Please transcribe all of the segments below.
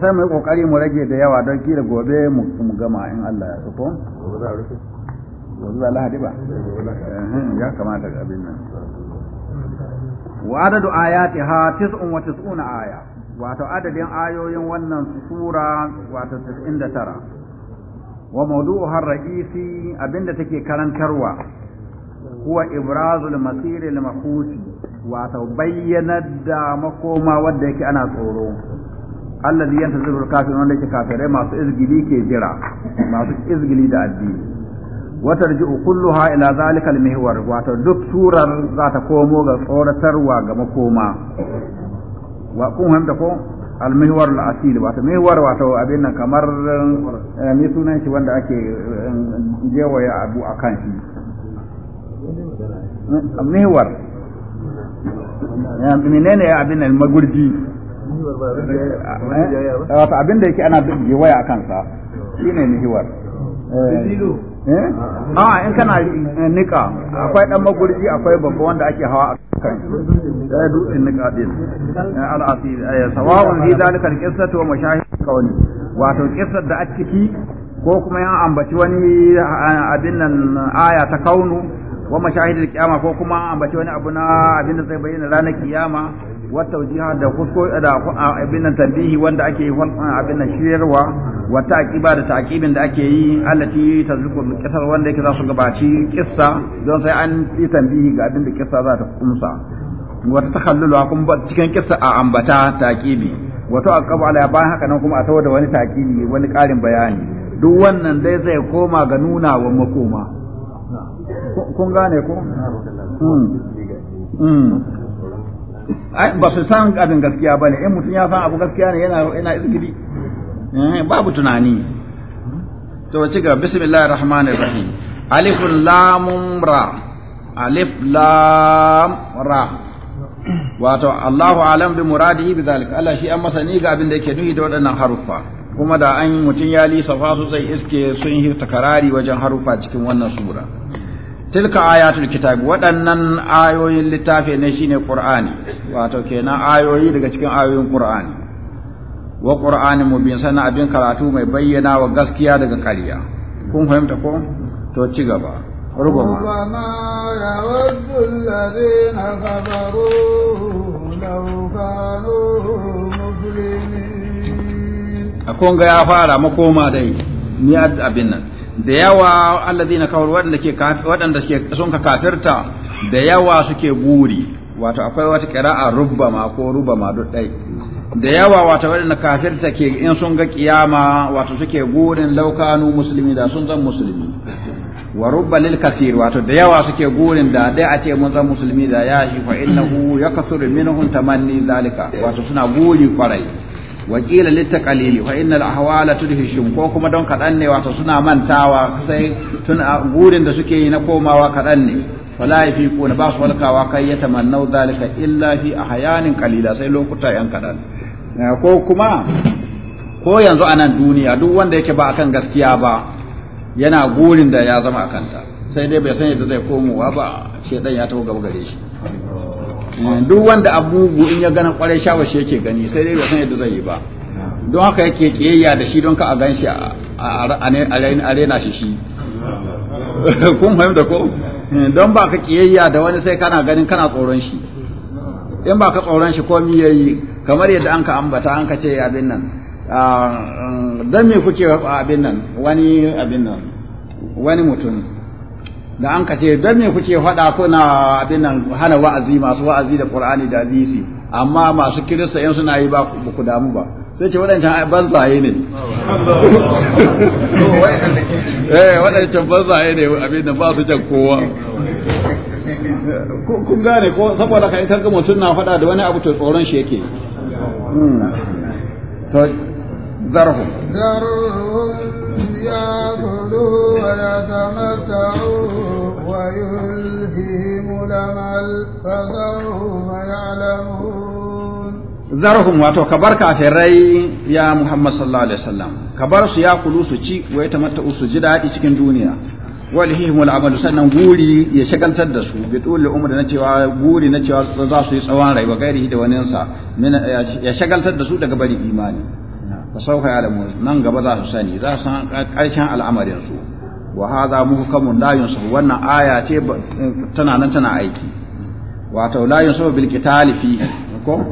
sai mai kokari mu rage da yawa don kira gobe mu gama in Allah ya so gobe za a rufe gobe za a lahadi ba ya kamata ga abin nan wa adadu ayatiha tis'un wa tis'una aya wato adadin ayoyin wannan sura wato 99 wa mawdu'uha ar-ra'isi abinda take karantarwa huwa ibrazul masir al-makhuf wato bayyanar da makoma wanda yake ana tsoro allazi yantaziru al-kafirun wanda yake kafirai masu izgili ke jira masu izgili da addini kullu ha ila zalikal al-mihwar wato duk surar za ta komo ga tsoratarwa ga makoma wa kun hamta ko al-mihwar al-asil wato mihwar wato abin nan kamar eh, me sunan shi wanda ake eh, jewaye abu akan shi eh, mihwar menene abin nan magurji wato abin da yake ana jewaye akan sa shine mihwar Eh? a ah, in kana eh, nika akwai dan magurji akwai babba wanda ake hawa a kan da eh, ya dutse nika din al'asiri ay sawa'un fi zalika al-qissatu wa mashahid kawni wato qissar da a ciki ko kuma ya ambaci wani abin nan aya ta kaunu wa mashahid al-qiyama ko kuma ambaci wani abu na abin da zai bayyana ranar kiyama Wata jihar da kusko da abin nan tarbihi wanda ake yi abin nan shiryarwa wa taqiba da taqibin da ake yi allati tazruku min qisar wanda yake za su gabaci kissa don sai an yi tambihi ga abin da kissa za ta kumsa Wata takhallulu kuma ba cikin kissa a ambata taqibi wato aqabu ala bayan haka nan kuma a tawo da wani taqibi wani karin bayani duk wannan dai zai koma ga nuna wa makoma kun gane ko hmm. Hmm. ai ba su san abin gaskiya ba ne, in mutum ya san abu gaskiya ne yana yana izgidi eh, babu tunani to ci gaba bismillahir rahmanir rahim alif lam ra alif lam ra wato Allahu alam bi muradihi bi zalika Allah shi an masani ga abin da yake nuhi da waɗannan harufa kuma da an mutum ya lisa fa su zai iske sun hirta karari wajen haruffa cikin wannan sura tilka ayatul kitab waɗannan ayoyin littafi ne shine qur'ani wato kenan ayoyi daga cikin ayoyin qur'ani wa qur'ani mubin sana abin karatu mai bayyana wa gaskiya daga kariya kun fahimta ko to ci gaba rubama rubama muslimin akon ga ya fara makoma dai ni abin nan da yawa alladina kawar wadanda ke wadanda suke sun ka kafirta da yawa suke guri wato akwai wata qira'a ma ko ma duk dai da yawa wato wadanda kafirta ke in sun ga kiyama wato suke gurin laukanu muslimi da sun zan musulmi wa rubba lil kathir wato da yawa suke gurin da dai a ce mun zan musulmi da ya shi fa innahu yakasuru minhum tamanni zalika wato suna guri kwarai wakila kalili wa innal ahwala tudhishum ko kuma don kaɗan ne wato suna mantawa sai tun gurin da suke yi na komawa kaɗan ne wala ko ba su walkawa kai ya tamannau zalika illa fi ahyanin qalila sai lokuta yan kadan ko kuma ko yanzu a nan duniya duk wanda yake ba kan gaskiya ba yana gurin da ya zama akanta sai dai bai san yadda zai komowa ba shedan ya taho gaba gare shi Eh, duk wanda abubu in ya gani kwarai sha shi yake gani sai dai bai san yadda zai yi ba don haka yake kiyayya da shi don ka a gan shi a rena shi shi kun da ko eh, don ba ka kiyayya da wani sai kana ganin kana tsoron shi in ba ka tsoron shi komi yi kamar yadda an ka ambata an ka ce abin nan ah, mm, don me kuke abin nan wani abin nan wani mutum da an kace don me kuke faɗa kuna abin nan hana wa'azi masu wa'azi da Qur'ani da hadisi amma masu kirista yan suna yi ba ku damu ba sai ce waɗancan banzaye ne eh waɗancan banzaye ne abin nan ba su jan kowa kun gane ko saboda kai ga mutun na faɗa da wani abu to tsoron shi yake hmm. to zarhum zarhum zarhum wato ka bar kafirai ya muhammad sallallahu alaihi wasallam ka bar su ya kulu su ci wai ta mata su ji daɗi cikin duniya walihim al'amal sannan guri ya shagaltar da su bi dole umar na cewa guri na cewa za su yi tsawon rayuwa gairi da waninsa ya shagaltar da su daga bari imani fasauka ya lamu nan gaba za su sani za su san ƙarshen al'amarin su wa hadha muhkamun la su wannan aya ce tana nan tana aiki wato la su bil qitali fi ko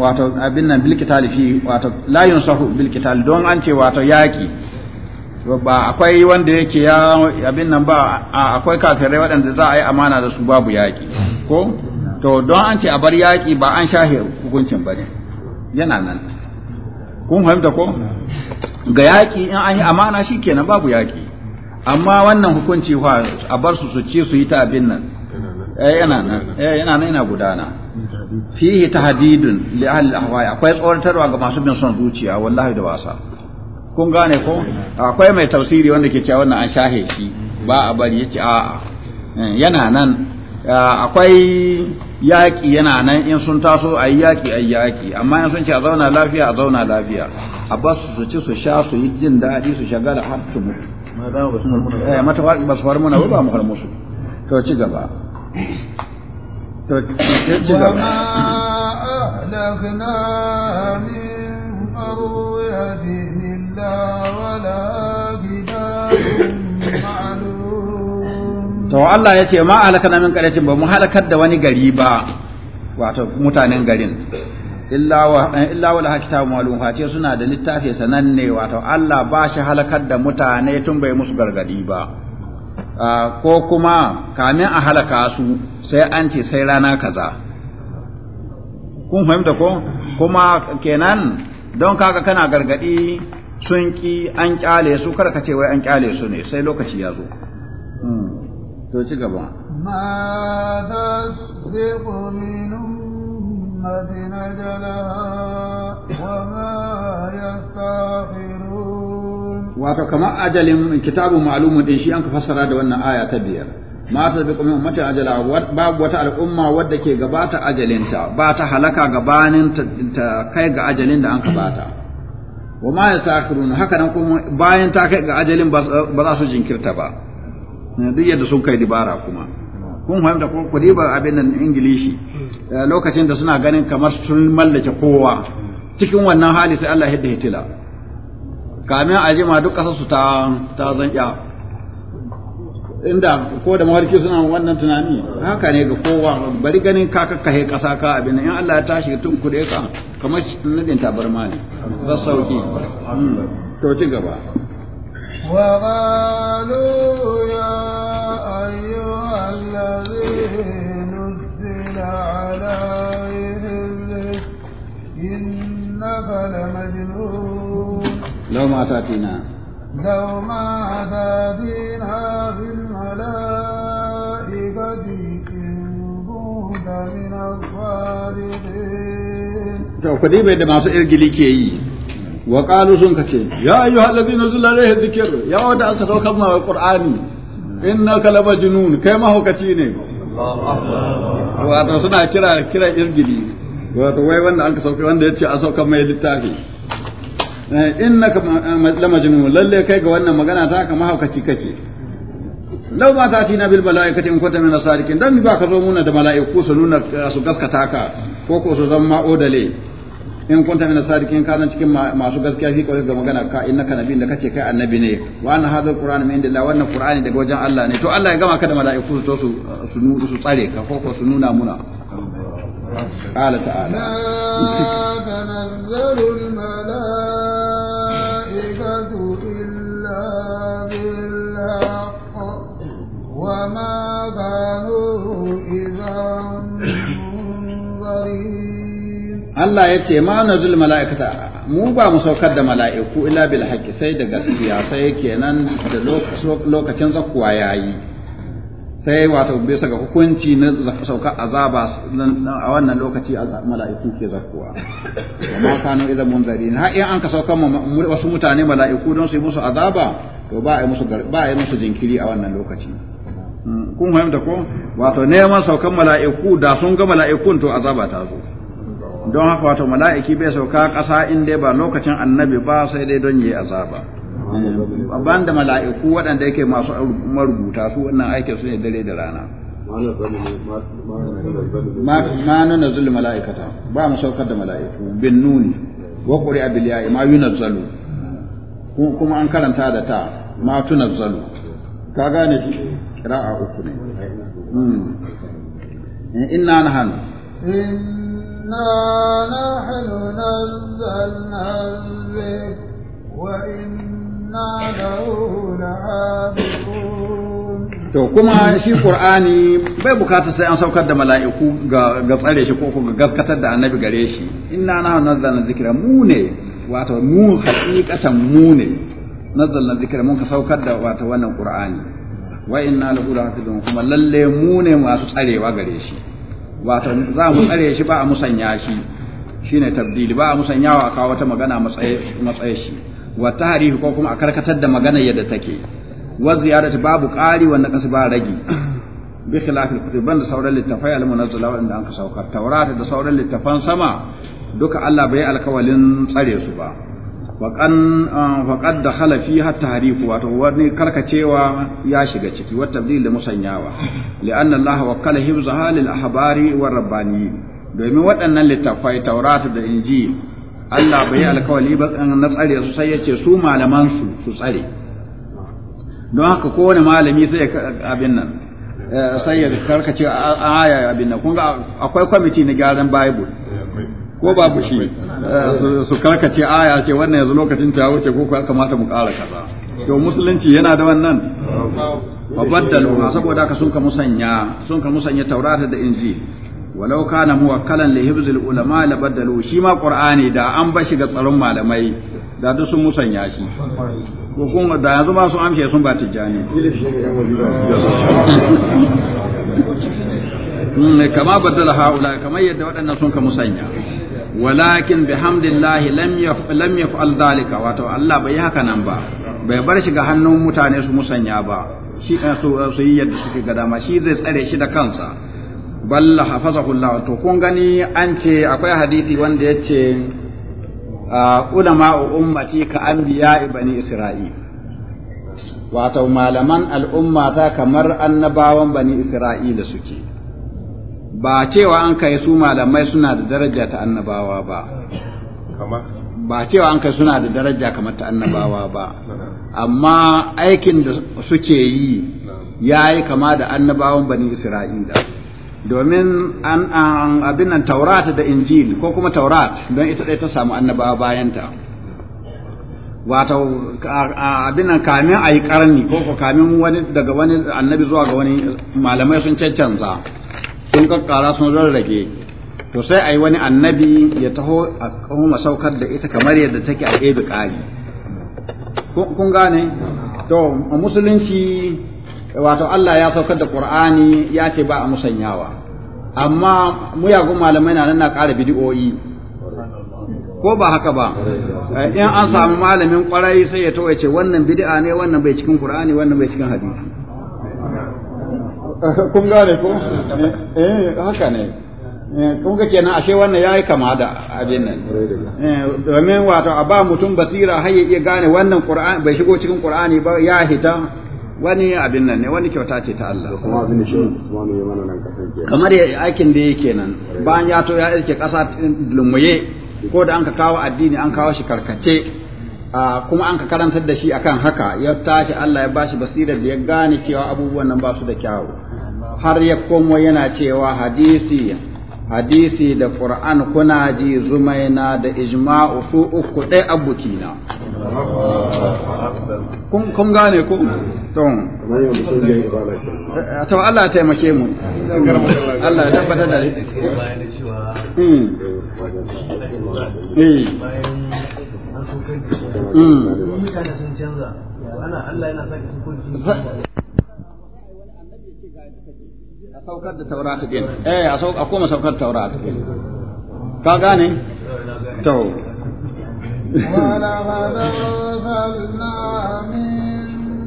wato abin nan bil qitali fi wato la yunsahu bil qitali don an ce wato yaki ba akwai wanda yake ya abin nan ba akwai kafirai waɗanda za a yi amana da su babu yaki ko to don an ce a bar yaki ba an shahe hukuncin bane yana nan kun fahimta ko ga yaƙi in an yi amana shi kenan babu yaƙi amma wannan hukunci fa a bar su su ci su yi ta abin nan eh, yana nan eh, yana nan yana gudana fihi tahdidun li ahli ahwai akwai tsoratarwa ga masu bin son zuciya wallahi da wasa kun gane ko akwai mai tafsiri wanda ke cewa wannan an shahe shi ba a bari yace a'a eh, yana nan Ah, akwai yaƙi yana nan in sun taso a yi yaƙi a yaƙi amma in sun ce a zauna lafiya a zauna lafiya a ba su su ci su sha su yi jin daɗi su shagala har su mutu eh, mata ba su faru muna ba mu har musu to ci gaba to ci gaba to Allah ya ce ma halakana min qaryatin ba mu halakar da wani gari ba wato mutanen garin illa wa eh, laha kitabu malum fa ce suna da littafi sananne wato Allah ba shi halakar da mutane tun bai musu gargadi ba ah, ko kuma kamin a halaka su sai an ce sai rana kaza kun fahimta ko kuma kenan don kaga kana gargadi sun ki an kyale su kar ka ce wai an kyale su ne sai lokaci ya zo to ci gaba ma wato kamar ajalin kitabu ma'lumun din shi an ka fassara da wannan aya ta biyar ma bi kuma ummatin ajala babu wata al'umma wadda ke gabata ajalinta ba ta halaka gabanin ta kai ga ajalin da an ka bata wa ma ya haka nan kuma bayan ta kai ga ajalin ba za su jinkirta ba Eh, duk yadda sun kai dibara kuma kun fahimta ko ku riba abin nan ingilishi eh, lokacin da suna ganin kamar sun mallake kowa cikin wannan hali sai Allah hidda hitila kamin a jima duk kasar su ta ta zanya inda ko da mawarki suna wannan tunani haka ne ga kowa bari ganin ka kakkahe kasa ka abin in Allah ya tashi tun kuɗe ka kamar nadin tabarma ne za sauki hmm. to ci gaba وقالوا يا أيها الذي نزل عليه الذكر إنك لمجنون لو ما تأتينا لو ما تأتينا في الملائكة إن كنت من الصادقين. To, ku bai da masu irgili ke yi, wa qalu sun kace ya ayyuhal ladina zalla alaihi dhikr ya wanda aka saukar ma alqur'ani innaka labajnun kai mahaukaci ne wato suna kira kira irgili wato wai wanda an ka sauka wanda yace a sauka mai littafi eh, innaka lamajnun lalle kai ga wannan magana ta ka mahaukaci kake law ma ta tina bil malaikati in kunta min asadiqin dan ba ka zo muna da malaiku su nuna su gaskata ka ko ko su zama odale in kunta min sadiqin kana cikin masu gaskiya fi kawai ga magana ka innaka nabiyyin da kace kai annabi ne wa anna hadha alquran min indillah wannan qur'ani daga wajen Allah ne to Allah ya gama ka da mala'iku su su su su tsare ka ko su nuna muna ta'ala la tanzalul malaa Allah ya ce ma nazul mala'ikata mu ba mu saukar da mala'iku ila bil haqqi sai da gaskiya sai kenan da lokacin ya yayi sai wato bisa ga hukunci na saukar azaba a wannan lokaci mala'iku ke zakuwa amma kanu idan munzarin har in an ka saukar wasu mutane mala'iku don su yi musu azaba to ba a yi musu ba a yi musu jinkiri a wannan lokaci hmm, kun fahimta ko wato neman saukan mala'iku da sun ga mala'ikun to azaba ta zo don haka wato mala'iki bai sauka ƙasa in dai ba lokacin annabi ba sai dai don yi azaba ban da mala'iku waɗanda yake masu marubuta su wannan aikin su ne dare da rana ma nuna zulu mala'ikata ba mu saukar da mala'iku bin nuni wa ƙuri a ya'i ma zalu? kuma an karanta da ta ma zalu? ka gane a uku ne hmm. inna hannu. إنا نحن نزلنا الذكر وإنا له لحافظون to kuma shi qur'ani bai bukata sai an saukar da mala'iku ga ga tsare shi ko kuma gaskatar da annabi gare shi inna nahnu nazzalna dhikra mu ne wato mu haqiqatan mu ne nazzalna dhikra mun ka saukar da wato wannan qur'ani wa inna lahu lahafizun kuma lalle mu ne masu tsarewa gare shi wato za mu tsare shi ba a musanya shi shine tabdili ba a musanyawa a kawo wata magana matsaye shi wa tarihi ko kuma a karkatar da magana yadda take wa ziyarati babu qari wa naqas ba ragi bi khilaf al-kutub ban sauran littafai al-munazzala wanda an ka saukar tawrata da sauran littafan sama duka Allah bai alkawalin tsare su ba faƙad ah, da halafi hatta harifu wato wani karkacewa ya shiga ciki wata tabdil da musanyawa li'anna Allah wakkala hibza halil ahbari wa rabbaniyin domin waɗannan littafai tauratu da injil Allah bai yi alkawali ba na tsare su sai su malaman su su tsare don haka kowane malami sai abin nan eh, sai ya karkace aya abin nan kun akwai kwamiti na gyaran bible eh, ko babu shi su karkace aya ce wannan yanzu lokacin ta wuce ko ya kamata mu ƙara kaza to musulunci yana da wannan babaddalu saboda ka sun ka musanya sun ka musanya taurata da inji walau kana muwakkalan li hibzil ulama la baddalu shi ma qur'ani da an bashi ga tsaron malamai da duk sun musanya shi ko kun da yanzu ba su amshe sun ba tijjani hmm, kama baddala haula kamar yadda waɗannan sun ka musanya walakin bihamdillahi lam yaf'al dhalika wato Allah bai haka nan ba bai bar shi ga hannun mutane su musanya ba shi eh, eh, su yi yadda suke ga dama shi zai tsare shi da kansa balla hafazahu Allah to kun gani an ce akwai hadisi wanda yace ah, ulama ummati ka anbiya bani isra'il wato malaman al'umma ta kamar annabawan bani isra'ila suke ba cewa an kai su malamai suna da daraja ta annabawa ba ba cewa an kai suna da daraja kamar ta annabawa ba amma aikin da suke yi ya yi kama da annabawan bani isra'ila domin an abin nan taurata da injil ko kuma taurat don ita ɗaya ta samu annabawa bayanta wato abin nan kamin a yi ƙarni ko kamin wani daga wani annabi zuwa ga wani malamai sun cancanza in kara sun rarrage to sai a wani annabi ya taho a kuma saukar da ita kamar yadda take a ebe ƙari kun gane to a musulunci wato Allah ya saukar da Qur'ani ya ce ba a musanyawa amma muyagun malamai na nan na ƙara bidiyoyi ko ba haka ba eh, in an samu malamin kwarai sai ya ya ce wannan bidi'a ne wannan bai cikin Qur'ani wannan bai cikin hadisi kun gane ko eh haka ne eh, kun ga kenan ashe wannan yayi kama da abin nan eh, domin wato a ba mutum basira har ya iya gane wannan qur'ani bai shigo cikin qur'ani ba ya hita wani abin nan ne wani kyauta ce ta Allah kuma abin da shi wani ya mana nan kasan ke kamar aikin da yake nan bayan ya to ya irke kasa lumuye ko da an ka kawo addini an kawo shi karkace kuma an ka karantar da shi akan haka ya tashi Allah ya bashi basirar da ya gane cewa abubuwan nan ba su da kyawu har ya komo yana cewa hadisi hadisi da Qur'an kuna ji zumaina da ijma'u su uku ɗaya abukina. Kun gane ku? Don. To Allah ya taimake mu. Allah ya tabbatar da Bayan saukar da taurat din eh a sauka kuma saukar taurat ka gane to ولقد أرسلنا من قبلك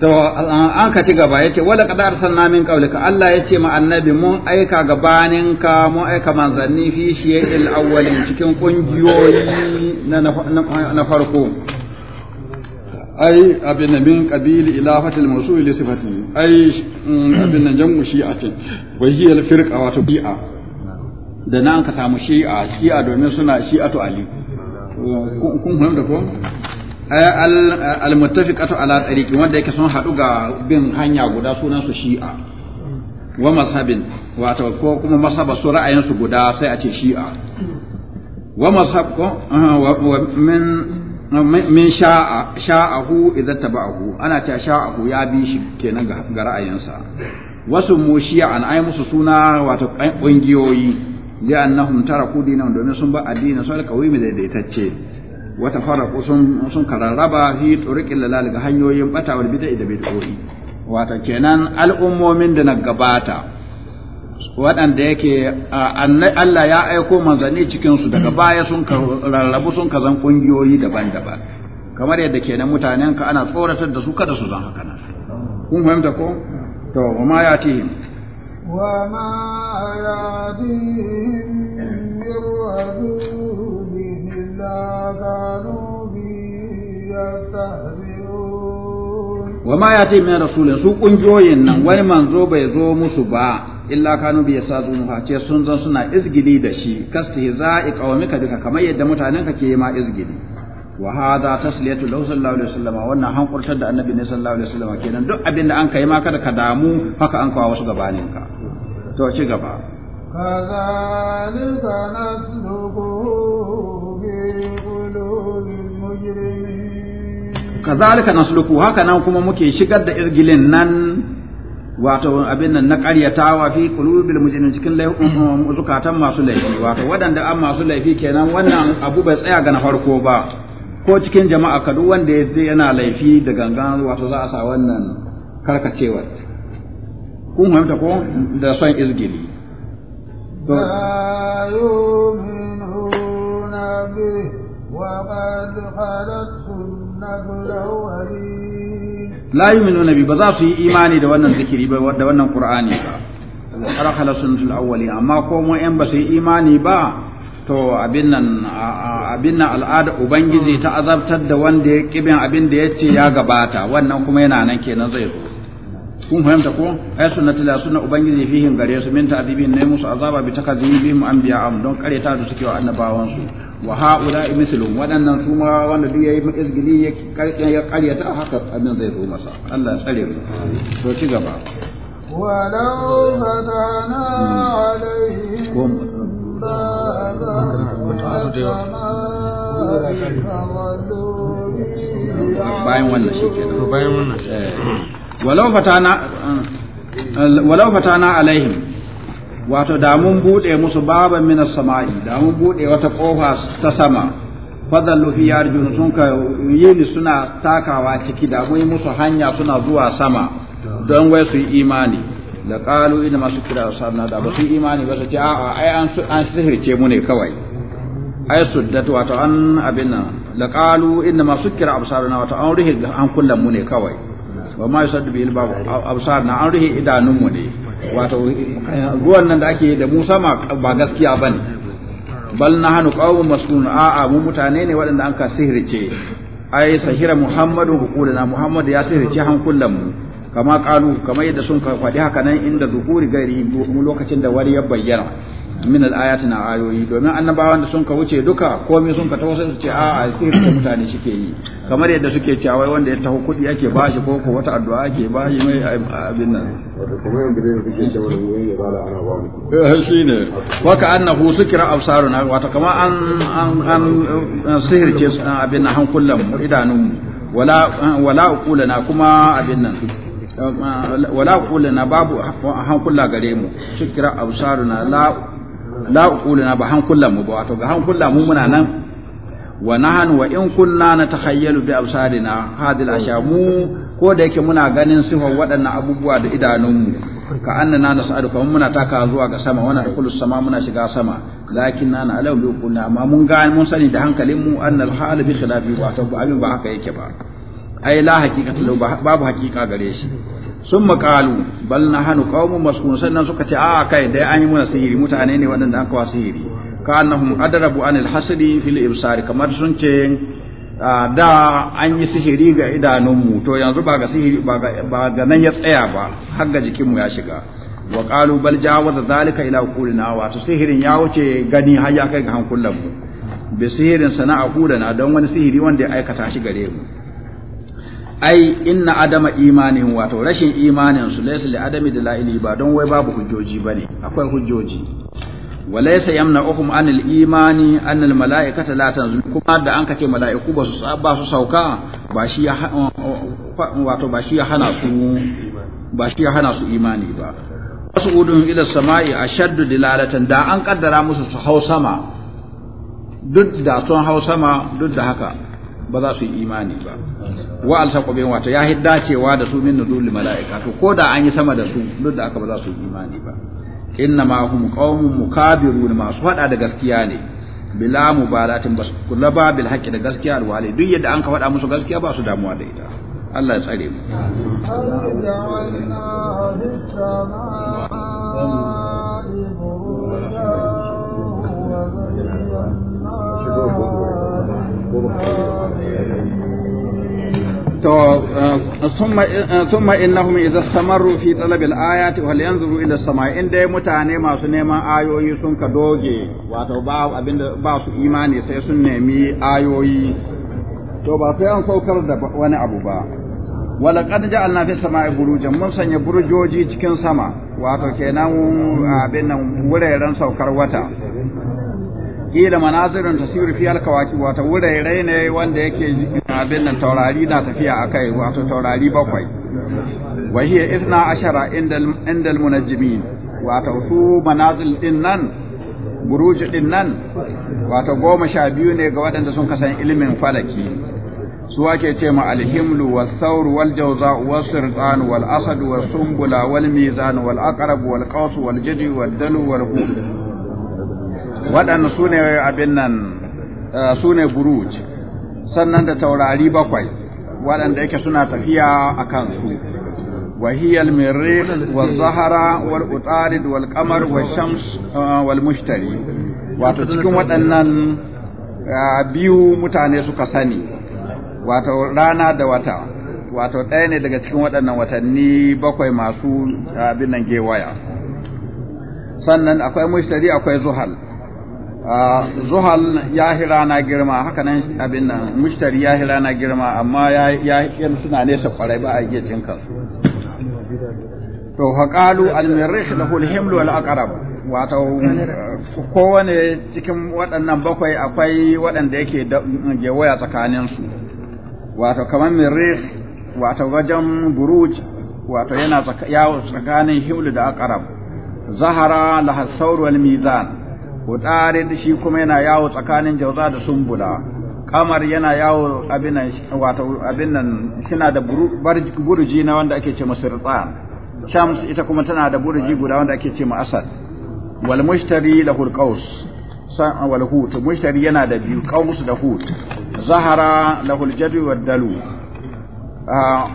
To an ka ci gaba ya ce, Wala ka da'ar darsan namin ƙaulika, Allah ya ce annabi mun aika gabaninka mun aika manzanni fi shiye il awwalin cikin ƙungiyoyi na farko. ai abin da min qabil ilafatil mawsu'i li sifati ai abin nan jamu shi'atin wa hiya al firqa wa tabi'a da nan ka samu shi'a shi'a domin suna shi'atu ali kun da ko al muttafiqatu ala tariqi wanda yake sun hadu ga bin hanya guda sunan su shi'a wa mashabin wato ko kuma masaba su ra'ayin su guda sai a ce shi'a wa ko wa min min sha'a sha'ahu idza taba'ahu ana cewa sha'ahu ya bi shi kenan ga ra'ayinsa wasu mushiya an ai musu suna wato kungiyoyi annahum taraku dinan domin sun ba addini sun alƙawi mai daidaitacce Wata fara sun sun kararraba fi turiqil lalal ga hanyoyin batawar bid'a da bid'o'i wato kenan al'ummomin da na gabata waɗanda yake Allah ya aiko manzanni cikinsu daga baya sun rarrabu sun kazan ƙungiyoyi daban-daban kamar yadda nan mutanen ka ana tsoratar da su kada su zan haka nan kun fahimta ko to wa ma yatihim wa ma ya min rasulin illa kanu bi wa ma yatihim min rasulun su ƙungiyoyin nan wani manzo bai zo musu ba illa kanu bi yasadunha ce sun zan suna izgili da shi kastihza'i qaumika duka kamar yadda mutanenka ke ma izgili wa hada tasliyatu lahu sallallahu alaihi wasallam wannan hankurtar da annabi ne sallallahu alaihi wasallam kenan duk abin da an kai ma kada ka damu haka an kawo wasu gabanin ka to ci gaba kadhalika nasluku fi qulubil mujrimin kadhalika nasluku haka nan kuma muke shigar da izgilin nan wato abin nan na karyatawa fi kulubil mujrimin cikin mm. um, um, zukatan masu laifi wato waɗanda an masu laifi kenan wannan abu bai tsaya ga na farko ba ko cikin jama'a kadu wanda wanda yana laifi da gangan wato za a sa wannan karkacewar kun fahimta ko da son izgili la yu'minuna bi ba za su yi imani da wannan zikiri ba da wannan qur'ani ba har khalasun fil awwali amma ko mu yan ba su yi imani ba to abin nan abin nan al'ada ubangiji ta azabtar da wanda ya kibin abin da yace ya gabata wannan kuma yana nan kenan zai zo kun fahimta ko ai sunnati la sunna ubangiji fihin gare su min ta'dibin ne musu azaba bi takadhibihim anbiya'am don kareta da suke wa annabawan su wa ha'ula mislum waɗannan su ma wanda duk yayi izgili ya karyata haka abin zai zo masa Allah tsare mu to ci gaba Wa fatana alaihim wato da mun bude musu baban min samai da mun bude wata kofa ta sama fadallu fi arjun sun ka yini suna takawa ciki da mun musu hanya suna zuwa sama don wai su yi imani da qalu inna masu kira sanna da ba su imani ba su ce a'a ai an an sihirce mu ne kawai ai da wato an abin nan la qalu inna masu kira absaruna wato an rihe an kullan mu ne kawai wa ma yusaddu bil bab absaruna an rihe idanun mu ne wato ruwan nan da ake da Musa ba gaskiya bane bal nahnu qawmun masnun a'a mu mutane ne waɗanda an ka sihirce ai sahira muhammadu na muhammadu ya sihirce hankulan mu kama kalu kama yadda sun ka faɗi haka nan inda zuhuri gairi mu lokacin da wani ya bayyana min al-ayati na ayoyi domin annabawan da sun ka wuce duka komai sun ka taho sai su ce a a da mutane suke yi kamar yadda suke cewa wai wanda ya taho kudi yake bashi ko koko wata addu'a yake bashi mai abin nan kamar yadda ne da wani ya da ana ba mu eh shine wa ka annahu sukira absaruna wato kama an an an sihirce abin nan hankulan mu idanun mu wala wala uqulana kuma abin nan wala uqulana babu hankula gare mu sukira absaruna la la uquluna ba hankulan mu ba wato ga hankulan mu muna nan wa nahan wa in kunna natakhayyalu bi absarina hadil ashamu ko da yake muna ganin sifa waɗannan abubuwa da idanun mu ka annana nas'alu kuma muna taka zuwa ga sama wannan kullu sama muna shiga sama lakin nana alau bi kunna amma mun ga mun sani da hankalin mu annal hal bi khilafi wa tabu abin ba haka yake ba ai la haqiqatu babu haqiqa gare shi sun makalu bal na hannu kawo masu sannan suka ce a kai dai an yi muna sihiri mutane ne waɗanda an kawo sihiri ka annahum adrabu an hasri fili ibsari kamar sun ce da an yi sihiri ga idanunmu to yanzu ba ga sihiri ba ga nan ya tsaya ba har ga jikinmu ya shiga wa kalu bal jawaza zalika ila kulina wato to sihirin ya wuce gani har ya kai ga hankulan mu bi sihirin sana'a na, don wani sihiri wanda ya aikata shi gare mu ai inna adama imanin wato rashin imanin su laysa li adami dalaili ba don wai babu hujjoji bane akwai hujjoji Wa laysa yamna'uhum anil imani annal mala'ikata la tanzul kuma da an kace mala'iku ba su ba su sauka ba shi ya wato ba shi ya hana su ba shi ya hana su imani ba wasu udun ila sama'i ashaddu dilalatan da an kaddara musu su hau sama duk da sun hau sama duk da haka ba za su yi imani ba wa alsaqu wato ya hidda cewa da su min nuzul malaika to ko da an yi sama da su duk da aka ba za su yi imani ba inna ma hum qaumun mukabirun masu fada da gaskiya ne bila mubalatin bas kullu ba bil haqqi da gaskiya alwali duk yadda an ka fada musu gaskiya ba su damuwa da ita Allah ya tsare mu To sun eh, ma'inna eh, mu isa samar da rufi da talabijin ayyatu wanda yanzu mutane masu neman ayoyi sun ka doge wato abin da basu imani sai sun nemi ayoyi. To ba sai an saukar da wani abu ba. Walaƙaɗan ja al'adun na fi sama'a'i bulu, jam'an sanya burjoji cikin sama, wato kenan abin da wuraren saukar wata. kila manazirun tasiru fi kawaki. Wata wurare ne wanda yake abin nan taurari na tafiya akai wato taurari bakwai wa hiya ithna ashara inda inda wato su manazil din nan buruj din nan wato goma sha biyu ne ga waɗanda sun kasan ilimin falaki su ake ce ma alhimlu wal thawr wal jawza wal sirtan wal asad wal sumbula wal mizan wal aqrab wal qaws wal jadi wal dalu wal waɗanda su ne abin nan eh, su ne buruj sannan da taurari bakwai waɗanda yake suna tafiya a kansu وهي المريخ والزهرة والأطارد shams والشمس eh, mushtari wato cikin waɗannan eh, biyu mutane suka sani wato rana da wata wato ɗaya ne daga cikin waɗannan watanni bakwai masu abin nan gewaya sannan akwai mushtari akwai zuhal zuhal ya na girma haka nan abin nan mushtari ya na girma amma ya suna nesa kwarai ba a iya cin kansu to haƙalu almirish lahu alhimlu wal aqrab wato kowane cikin waɗannan bakwai akwai waɗanda yake gewaya tsakanin su wato kamar mirish wato wajen buruj wato yana tsakanin himlu da aqrab zahara lahas mizan hutarid shi kuma yana yawo tsakanin jauza da sumbula kamar yana yawo abinan wato abinan shina da burji na wanda ake ce masirtan shams ita kuma tana da burji guda wanda ake ce asad wal mushtari lahul qaus wal hut mushtari yana da biyu Kaus, da hut zahara da jadwi wad dalu ah,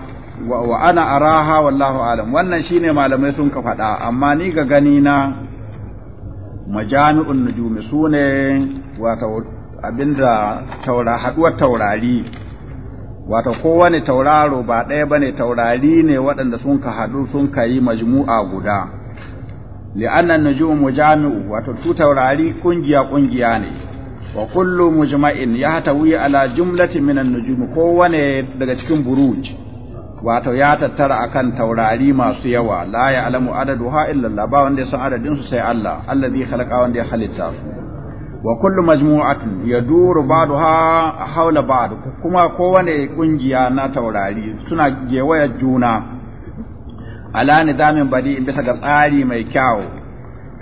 wa ana araha wallahu alam wannan shine malamai sun ka faɗa amma ni ga gani na majami'un nujumi sune wato abinda taura haduwar taurari wato kowane tauraro ba ɗaya bane taurari ne waɗanda sun ka haɗu sun ka yi majmu'a guda li'annan nujum mujami'u wato su taurari kungiya kungiya ne wa kullu mujma'in ya hatawi ala jumlati minan nujumi kowane daga cikin buruj wato ya tattara akan taurari masu yawa la ya alamu adadu ha illallah ba wanda ya san adadin su sai Allah allazi khalaqa wanda ya halitta su wa kullu majmu'atin yaduru ba'daha hawla ba'd kuma kowane kungiya na taurari suna gewaya juna ala nizamin badi bisa ga tsari mai kyau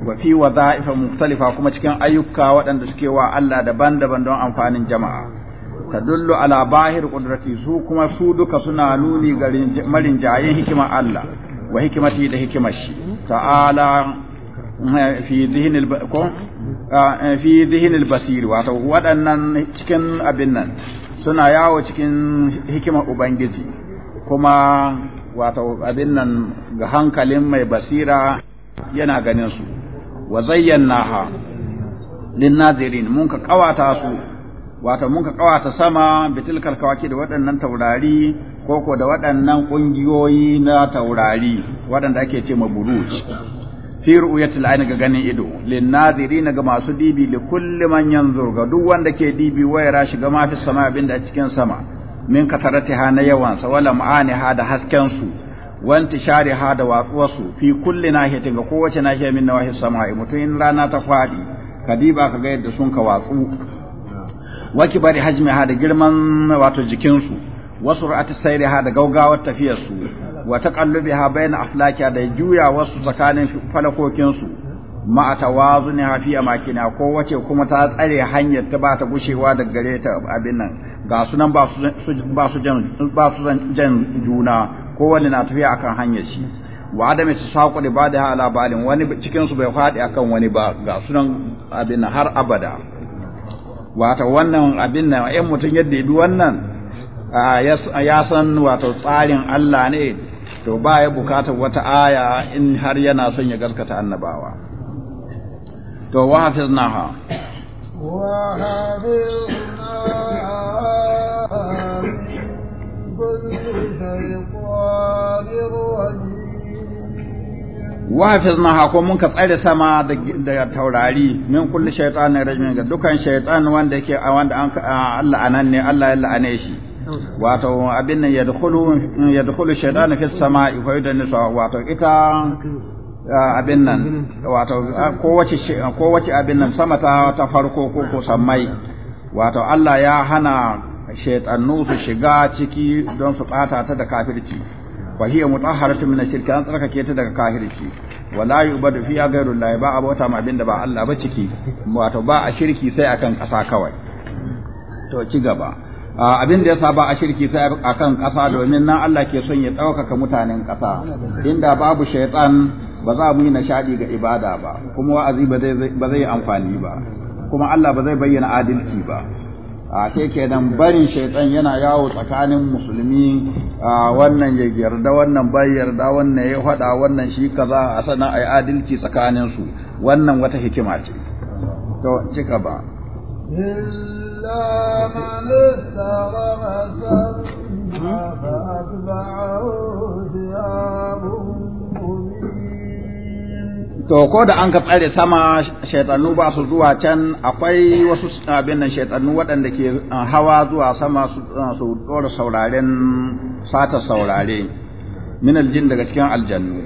wa fi wadha'ifa mukhtalifa kuma cikin ayyuka waɗanda suke wa Allah daban-daban don amfanin jama'a tadullu ala bahir qudrati su kuma su duka suna nuni ga marinjayen hikima Allah wa hikimati da hikimashi ta'ala eh, fi zihinil ko ah, eh, fi basir waɗannan cikin abin nan suna yawo cikin hikima ubangiji kuma wato abin nan ga hankalin mai basira yana ganin su wa zayyanaha lin nazirin mun ka kawata su wato mun ka kawata sama bitilkal kawaki da waɗannan taurari ko ko da waɗannan ƙungiyoyi na taurari waɗanda ake ce ma fi ru'yatil ayni ga ganin ido lin nazirin ga masu dibi li kulli man yanzur ga duk wanda ke dibi ra shiga ma fi sama abinda a cikin sama min ha na yawan sa wala ha da hasken su wanti share ha da watsuwar su fi kulli nahiyatin ga kowace nahiya min nawahi sama'i mutun rana ta fadi kadiba ka ga yadda sun ka watsu wa kibari hajmiha da girman wato jikinsu wa sur'ati sayriha da gaugawar tafiyarsu wa ha bayna aflaki da juya wasu tsakanin falakokinsu ma tawazuni hafi makina ko wace kuma ta tsare hanyar ta ba ta gushewa daga gare ta abin nan ga sunan ba su ba jan ba su jan juna kowane na tafiya akan hanyar shi wa adami su saƙo da ba da ala balin wani cikinsu bai faɗi akan wani ba ga sunan abin har abada wata wannan abin nan ɗan mutum yadda bi wannan ya san wato tsarin Allah ne to ba ya bukatar wata aya in har yana son ya gaskata annabawa to wa hafiznaha wa وحفظناها ko mun ka tsare sama da taurari min kulli shaytanin rajmin ga dukan shaytan wanda yake wanda an Allah anan ne Allah ya la'ane shi wato abin nan yadkhulu yadkhulu shaytanu fi samai fa sa wato ita abin nan wato kowace wace abin nan sama ta ta farko ko ko sammai wato Allah ya hana shaytanu su shiga ciki don su bata ta da kafirci fa hiya mutahharatu min ash-shirk an tsarkake ta daga kahirci wala yubadu fiha ghayru Allah ba abota ma abinda ba Allah ba ciki wato ba a shirki sai akan ƙasa kawai to ci gaba ba a shirki sai akan ƙasa domin nan Allah ke son ya ɗaukaka mutanen ƙasa inda babu shaytan ba za mu yi nishadi ga ibada ba kuma wa'azi ba zai amfani ba kuma Allah ba zai bayyana adalci ba a ke kenan barin shaitan yana yawo tsakanin musulmi wannan ya yarda wannan bai yarda wannan ya faɗa wannan shi kaza a sana ai adalci tsakanin su wannan wata hikima ce to cika ba to ko da an ka tsare sama shaitannu ba su zuwa can akwai wasu abin nan shaitannu waɗanda ke uh, hawa zuwa sama su uh, ɗora sauraren sata saurare min aljin daga cikin aljannu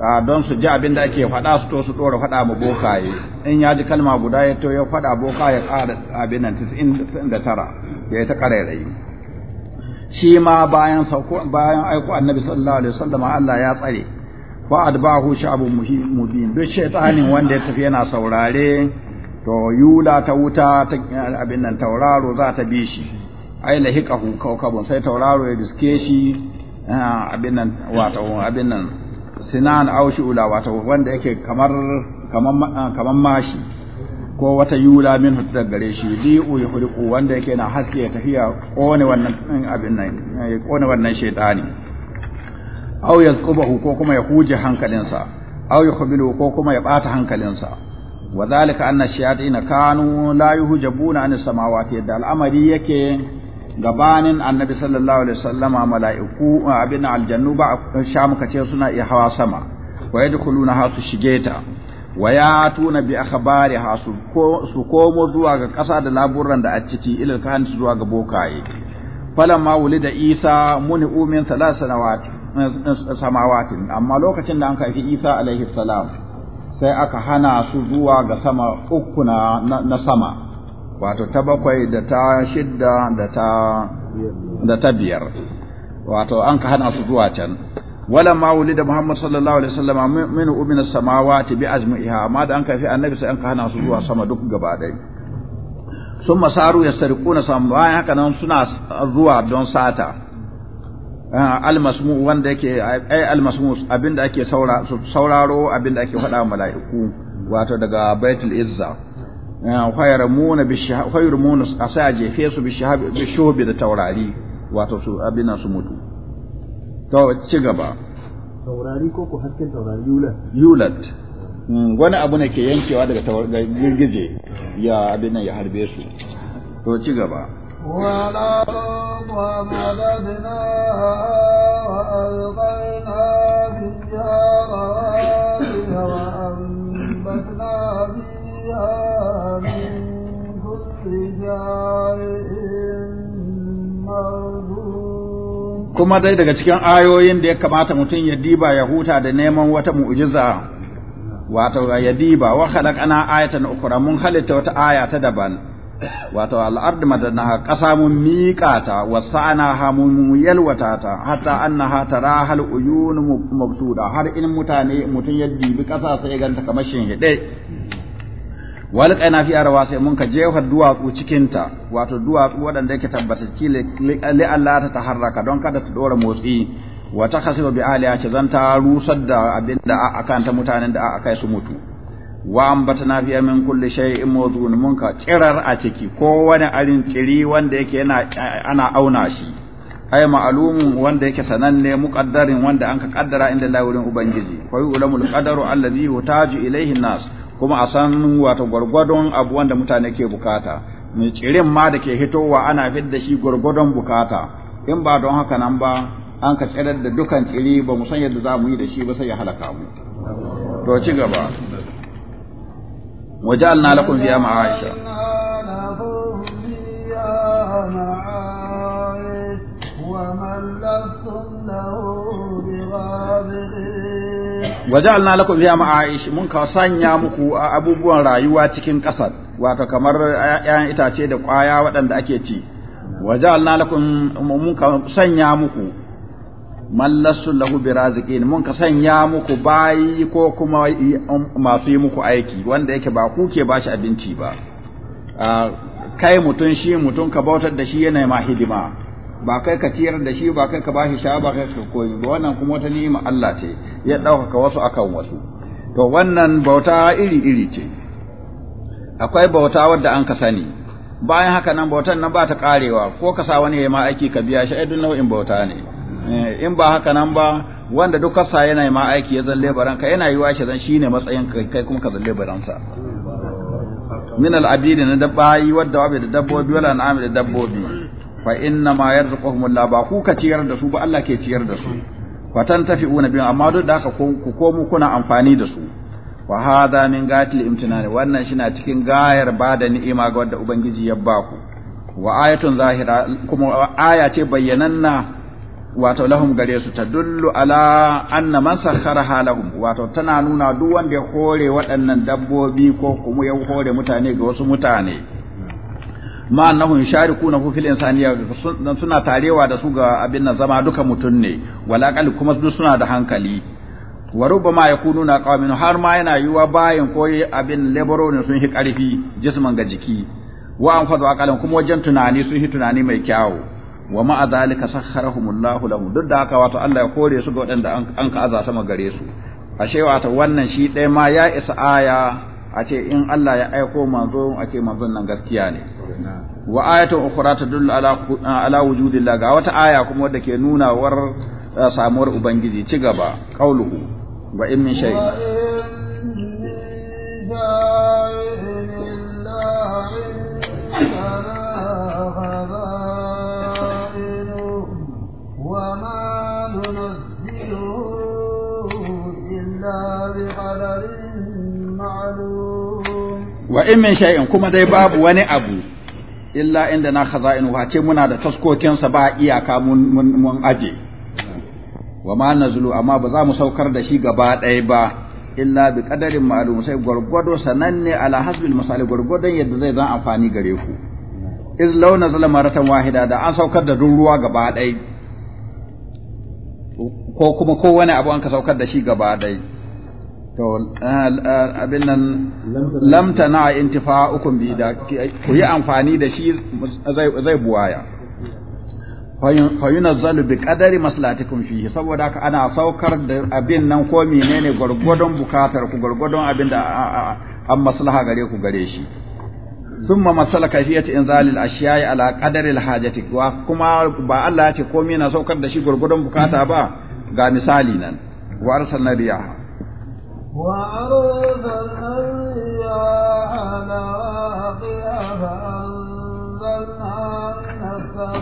uh, don su ji abin da ake faɗa su to su ɗora faɗa mu bokaye in ya ji kalma guda ya to ya faɗa boka ya ƙara abin nan tis'in da tara ya yi ta ƙarairayi shi ma bayan sauko bayan aiko annabi sallallahu alaihi wasallam Allah ya tsare fa adbahu sha'bun mubin duk shaytanin wanda ya tafi yana saurare to yula ta wuta ta abin nan tauraro za ta bi shi ai lahiqahu kawkabun sai tauraro ya diske shi eh, abin nan wato abin nan sinan aw shi'ula wato wanda yake kamar kamar kamar mashi ko wata yula min hutu gare shi di'u u huliku wanda yake na haske ya tafiya kone wannan abin nan ya kone wannan shaytani aw yazqubahu ko kuma ya huje hankalinsa aw yukhbilu ko kuma ya bata hankalinsa wa zalika anna shayatin kanu la yuhjabuna an samawati da al'amari yake gabanin annabi sallallahu alaihi wasallama mala'iku abin aljannu ba sha muka ce suna iya hawa sama wa yadkhuluna hasu shigeta wa ya tuna bi akhbari hasu su komo zuwa ga kasa da laburan da a ciki ilal kan zuwa ga bokaye falamma wulida isa muni umin thalath sanawati samawatin amma lokacin da an kafi Isa alaihi salam sai aka hana su zuwa ga sama uku na, na, sama wato ta bakwai da ta shidda da ta da ta biyar wato an ka hana su zuwa can wala ma da Muhammad sallallahu alaihi wasallam min ummin samawati bi azmiha amma da an kafi annabi sai an ka hana su zuwa sama duk gaba dai sun masaru ya sarikuna sama bayan haka nan suna zuwa don sata Ah, almasmu wanda yake ai almasmu abinda ake sauraro abinda ake faɗa mala'iku wato daga baitul izza ah, khayramuna bishahayrumuna asa jefe su bishahabi da taurari wato su abina su mutu to ci gaba taurari ko ku hasken taurari yulat yulat hmm, wani abu ne ke yankewa daga girgije ya abin ya harbe su to ci gaba والأرض وألقينا فيها رواسي وأنبتنا فيها من كل شيء kuma dai daga cikin ayoyin da ya kamata mutum ya diba ya huta da neman wata mu'jiza wato ya diba wa khalaqana ayatan ukhra mun halitta wata aya ta daban wato al'ard madanaha ƙasa mun miƙa ta wasa'ana mun yalwata ta hatta annaha tara hal uyun mabsuda har in mutane mutun ya dibi ƙasa sai ya ganta kamar shinhide wal qaina fi arwa sai mun ka jefa duwatsu cikin ta wato duwatsu waɗanda yake tabbatacci li Allah ta taharraka don kada ta dora motsi wa ta khasiba bi aliya ce zan ta rusar da abinda akan ta mutanen da aka kai su mutu wa ambatna fiha min kulli in mawdun mun ka tsirar a ciki ko wani arin tsiri wanda yake ana auna shi ai ma'alumin wanda yake sananne muqaddarin wanda anka kaddara inda la wurin ubangiji fa ulamul qadaru alladhi yutaju ilayhi nas kuma a san wato gwargwadon abu wanda mutane ke bukata mai tsirin ma da ke hitowa ana da shi gwargwadon bukata in ba don haka nan ba an ka tsirar da dukan tsiri ba mu san yadda za mu yi da shi ba sai ya halaka mu to ci gaba وجعلنا لكم فيها معايشة وجعلنا لكم فيها معايش من كسانيا muku abubuwan rayuwa cikin ƙasar wato kamar ƴaƴan itace da ƙwaya waɗanda ake ci wajalna lakum mun ka sanya muku mallastu lahu razikin mun ka sanya muku bayi ko kuma um, masu yi muku aiki wanda yake ba ku ke bashi abinci ba kai mutun shi mutun ka bautar da shi yana ma hidima ba kai ka ciyar da shi ba kai ka bashi sha ba kai ka koyi ba wannan kuma wata ni'ima Allah ce ya ka wasu akan wasu to wannan bauta iri iri ce akwai bauta wadda an ka sani bayan haka nan bautan nan ba ta karewa ko ka sa wani ya ma aiki ka biya shi ai nau'in bauta ne Eh, in ba haka nan ba wanda duk kasa yana ma aiki ya zalle baranka yana yiwa shi zan shine matsayin kai kuma ka zalle baransa min al'abidi na yi wadda wabi da dabbobi wala an'ami da dabbobi fa inna ma yarzuquhum Allah ba ku ka ciyar da su ba Allah ke ciyar da su fa tantafi'una bi amma duk da haka ku komo kuna amfani da su wa hadha min gatil imtinani wannan shina cikin gayar bada ni'ima ga wanda ubangiji ya ba ku wa ayatun zahira kuma aya ce bayyananna wato lahum gare su dullu ala anna man sakhara halahum wato tana nuna duk wanda ya hore waɗannan dabbobi ko kuma ya hore mutane ga wasu mutane ma annahum sharikuna fi fil insaniya suna tarewa da su ga abin nan zama duka mutun ne wala kuma duk suna da hankali wa rubbama yakununa qawmin har ma yana yuwa bayin ko abin labaro ne sun hi karfi jisman ga jiki wa an fadu akalan kuma wajen tunani sun hi tunani mai kyawu wa ma'a zalika sakharahumullahu lahu duk da haka wato Allah ya kore su ga waɗanda an ka aza sama gare su ashe wato wannan shi ɗaya ma ya isa aya a ce in Allah ya aiko manzo a ce manzon nan gaskiya ne wa ayatu ukhra tadullu ala ala wujudillah ga wata aya kuma wadda ke nuna war eh, samuwar ubangiji ci gaba qauluhu wa in min shay'in وما ننزله kuma dai babu wani abu. شيء illa inda na khaza'in wace muna da taskokinsa ba iyaka mun aje wa ma nazulu amma ba za mu saukar da shi gaba ɗaya ba illa bi qadarin ma'lum sai gurgudo sananne ala hasbil misali gurgudon yadda zai zan amfani gare ku iz law nazala ratan wahida da an saukar da ruwa gaba ɗaya ko kuma ko wani abu an ka saukar da shi gaba dai to abin nan lam intifa intifa'ukum bi da ku yi amfani da shi zai buwaya fa yunazzalu bi qadari maslahatikum fihi saboda ka ana saukar da abin nan ko menene gurgudun bukatar ku gurgudun abin da an maslaha gare ku gare shi ثم مثل كيفية إنزال الأشياء على قدر الحاجة وكما با الله na saukar da دشي غرغدون بكاتا با ga misali nan wa arsalna riyaha wa arsalna riyaha laqiya fa anzalna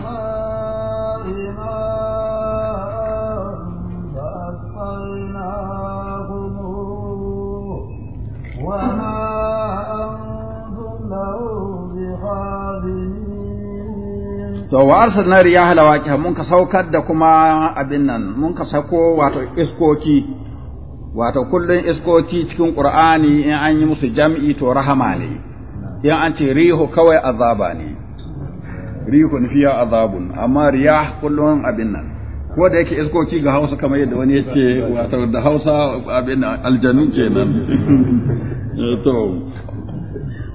min as-samaa'i to wa arsalna riyaha lawaqiha mun ka saukar da kuma abin nan mun ka sako wato iskoki wato kullun iskoki cikin qur'ani in an yi musu jam'i to rahama ne in an ce rihu kawai azaba ne rihun fiya azabun amma riyah kullun abin nan ko da yake iskoki ga Hausa kamar yadda wani yace wato da Hausa abin aljanu kenan eh, to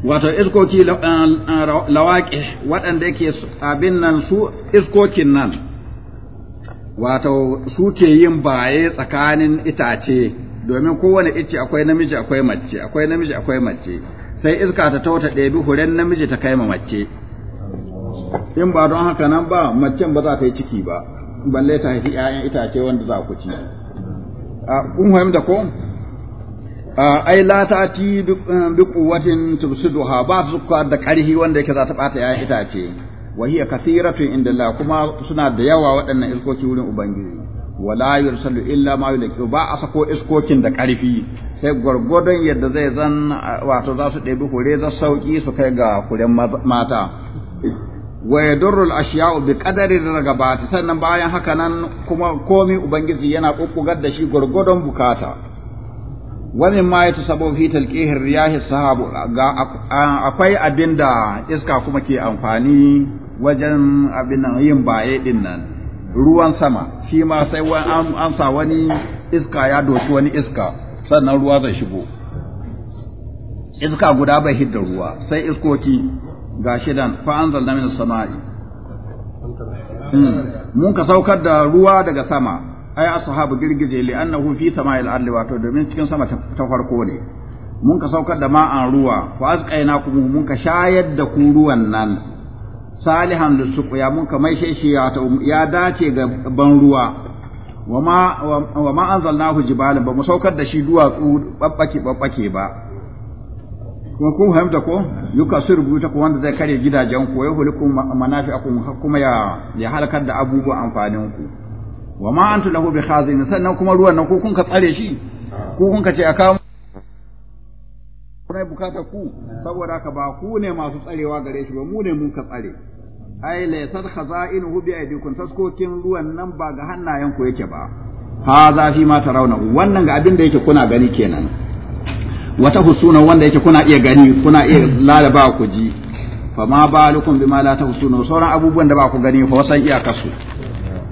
wato iskoki ah, ah, lawaƙi waɗanda yake abin nan su iskokin nan wato su ke yin baye tsakanin itace domin kowane icce akwai namiji akwai mace akwai namiji akwai mace sai iska ta tauta ɗebi huren namiji ta kai ma mace in ba don haka nan ba macen ba za ta yi ciki ba balle ta haifi 'ya'yan itace wanda za ku ci ah, kun fahimta ko ai la ta ti bi quwwatin tubsiduha ba su da karhi wanda yake za ta bata ya itace wa hiya kathiratu inda la kuma suna da yawa waɗannan iskoki wurin ubangiji wala yursalu illa ma yulqi ba a sako iskokin da karfi sai gwargwadon yadda zai zan wato za su ɗebi hure za sauki su kai ga kuren mata wa yadurru al-ashya'u bi qadari ragabati sannan bayan haka nan kuma komi ubangiji yana kokkugar da shi gwargwadon bukata wani ma ya tusabo fi talqihin riyahi sahabu akwai abinda iska kuma ke amfani wajen abin nan yin baye din nan ruwan sama shi ma sai an sa wani iska ya doki wani iska sannan ruwa zai shigo iska guda bai hidda ruwa sai iskoki ga shidan fa na min samai hmm. mun ka saukar da ruwa daga sama ai ashabu girgije li annahu fi sama'il ardi wato domin cikin sama ta farko ne mun ka saukar da ma'an ruwa fa azqaina ku mun ka shayar da ku ruwan nan salihan ya mun ka maishe shi ya dace ga ban ruwa wama wama anzalnahu jibalan ba mu saukar da shi duwatsu babbake babbake ba kuma kun fahimta ko yukasir su rubuta ko wanda zai kare gidajen ku ya hulukum manafi akum kuma ya ya halakar da abubuwan amfanin ku wa ma antu lahu bi khazin sannan kuma ruwan nan ko kun ka tsare shi ko kun ka ce a kawo kuna bukata ku saboda ka ba ku ne masu tsarewa gare shi ba mu ne mun ka tsare ai laysat khaza'inuhu bi aydikum taskokin ruwan nan ba ga hannayen ku yake ba za fi ma tarawna wannan ga abin da yake kuna gani kenan wata husuna wanda yake kuna iya gani kuna iya lalaba ku ji fa ma balukum bima la tahsunu sauran abubuwan da ba ku gani fa wasan iyakarsu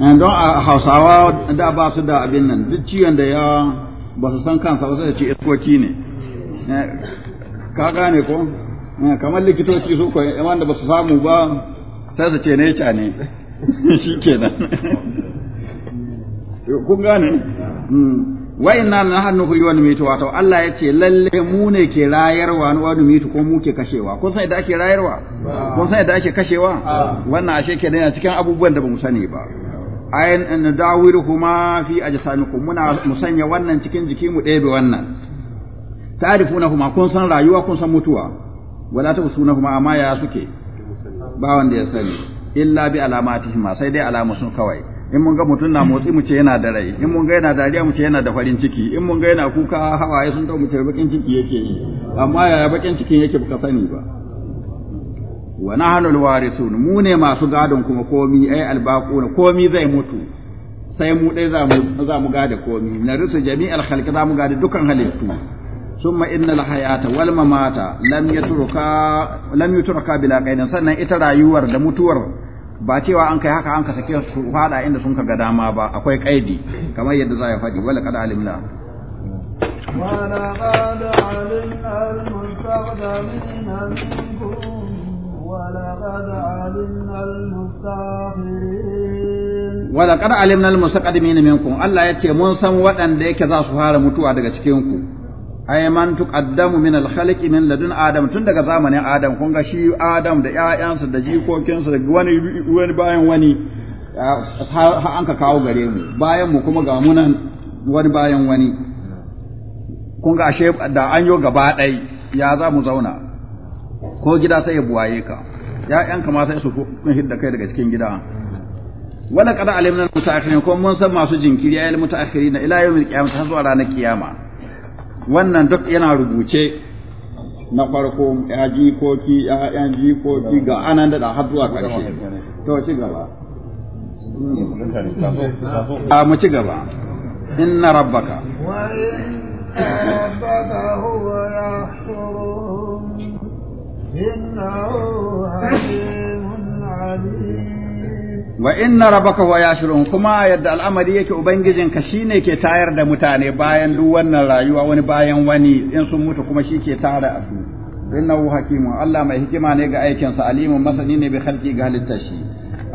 Eh, don a hausawa da ba su da abin nan duk ciwon da ya ba su san kansa ba su ce iskoki ne eh, ka gane ko eh, kamar likitoci su ko yaman da ba su samu ba sai su ce neca ne shi kenan kun gane hmm. wa inna nahnu wani mitu wato Allah ya ce lalle mu ne ke rayarwa ni wani mitu ko mu ke kashewa kun san idan ake rayarwa kun san idan ake kashewa ah. wannan ashe ke yana cikin abubuwan da ba mu sani ba ayin an huma fi ajsamikum muna musanya wannan cikin jiki mu ɗebe wannan huma kun san rayuwa kun san mutuwa wala ta huma amma ya suke ba wanda ya sani illa bi alamatihima sai dai alamu sun kawai in mun ga mutum na motsi mu ce yana da rai in mun ga yana dariya mu ce yana da farin ciki in mun ga yana kuka hawaye sun dau mu ce bakin ciki yake yi amma yaya bakin cikin yake baka sani ba wa nahnu alwarisun mu ne masu gadon kuma komi ai albaquna komi zai mutu sai mu dai za mu gada komi na rusu jami'al khalqi za mu gada dukan halittu summa innal hayata wal mamata lam yatruka lam yutruka bila qaidin sannan ita rayuwar da mutuwar ba cewa an kai haka an ka sake su fada inda sun ka ga dama ba akwai kaidi kamar yadda za ya faɗi wala qad alimna ولقد علمنا المستقدمين منكم ولقد علمنا المستاخرين ولقد علمنا المستقدمين منكم الله يتي من سن ودان da yake za su fara mutuwa daga cikin ku ay man tuqaddamu min al-khalqi min ladun adam tun daga zamanin adam kun ga shi adam da ƴaƴansa da jikokinsa da wani wani bayan wani ha an ka kawo gare mu bayan mu kuma ga munan wani bayan wani kun ga ashe da an yo gaba ɗai ya za mu zauna ko gida sai ya buwaye ka ya'yanka ma sai su kun hidda kai daga cikin gida wala kada alimna al-mutaakhirin ko mun san masu jinkiri ayyul mutaakhirin ila yawmil qiyamah har zuwa ranar kiyama wannan duk yana rubuce na farko ya jikoki ya jikoki ga anan da har zuwa ƙarshe to ci gaba a mu ci gaba inna rabbaka wa inna rabbaka huwa yahshuruhum wa inna rabaka wa yashirun kuma yadda al'amari yake ubangijinka shine ke tayar da mutane bayan duk wannan rayuwa wani bayan wani in sun mutu kuma shi ke tara su innahu hakimu Allah mai hikima ne ga aikin sa masani ne bi khalqi ga halitta shi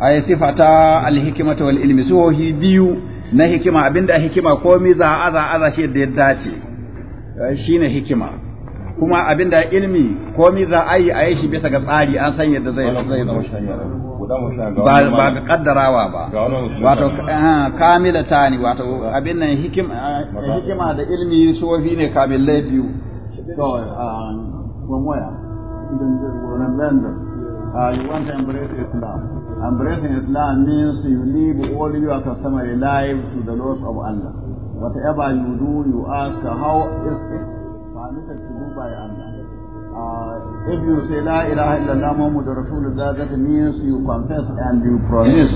ay sifata alhikmata wal ilmi suhi biyu na hikima abinda hikima komi za a za a shi da ya dace shine hikima kuma abin da ilmi komi za a yi a yi shi bisa ga tsari an san yadda zai zai ba ba ga kaddarawa ba wato kamila tani wato abin nan hikima da ilmi sofi ne kamilai biyu to you want to embrace islam embracing Islam means you leave all your customary life to the laws of Allah. Whatever you do, you ask how is it permitted to by Allah. Uh, if you say La ilaha illallah Muhammad Rasulullah, that means you confess and you promise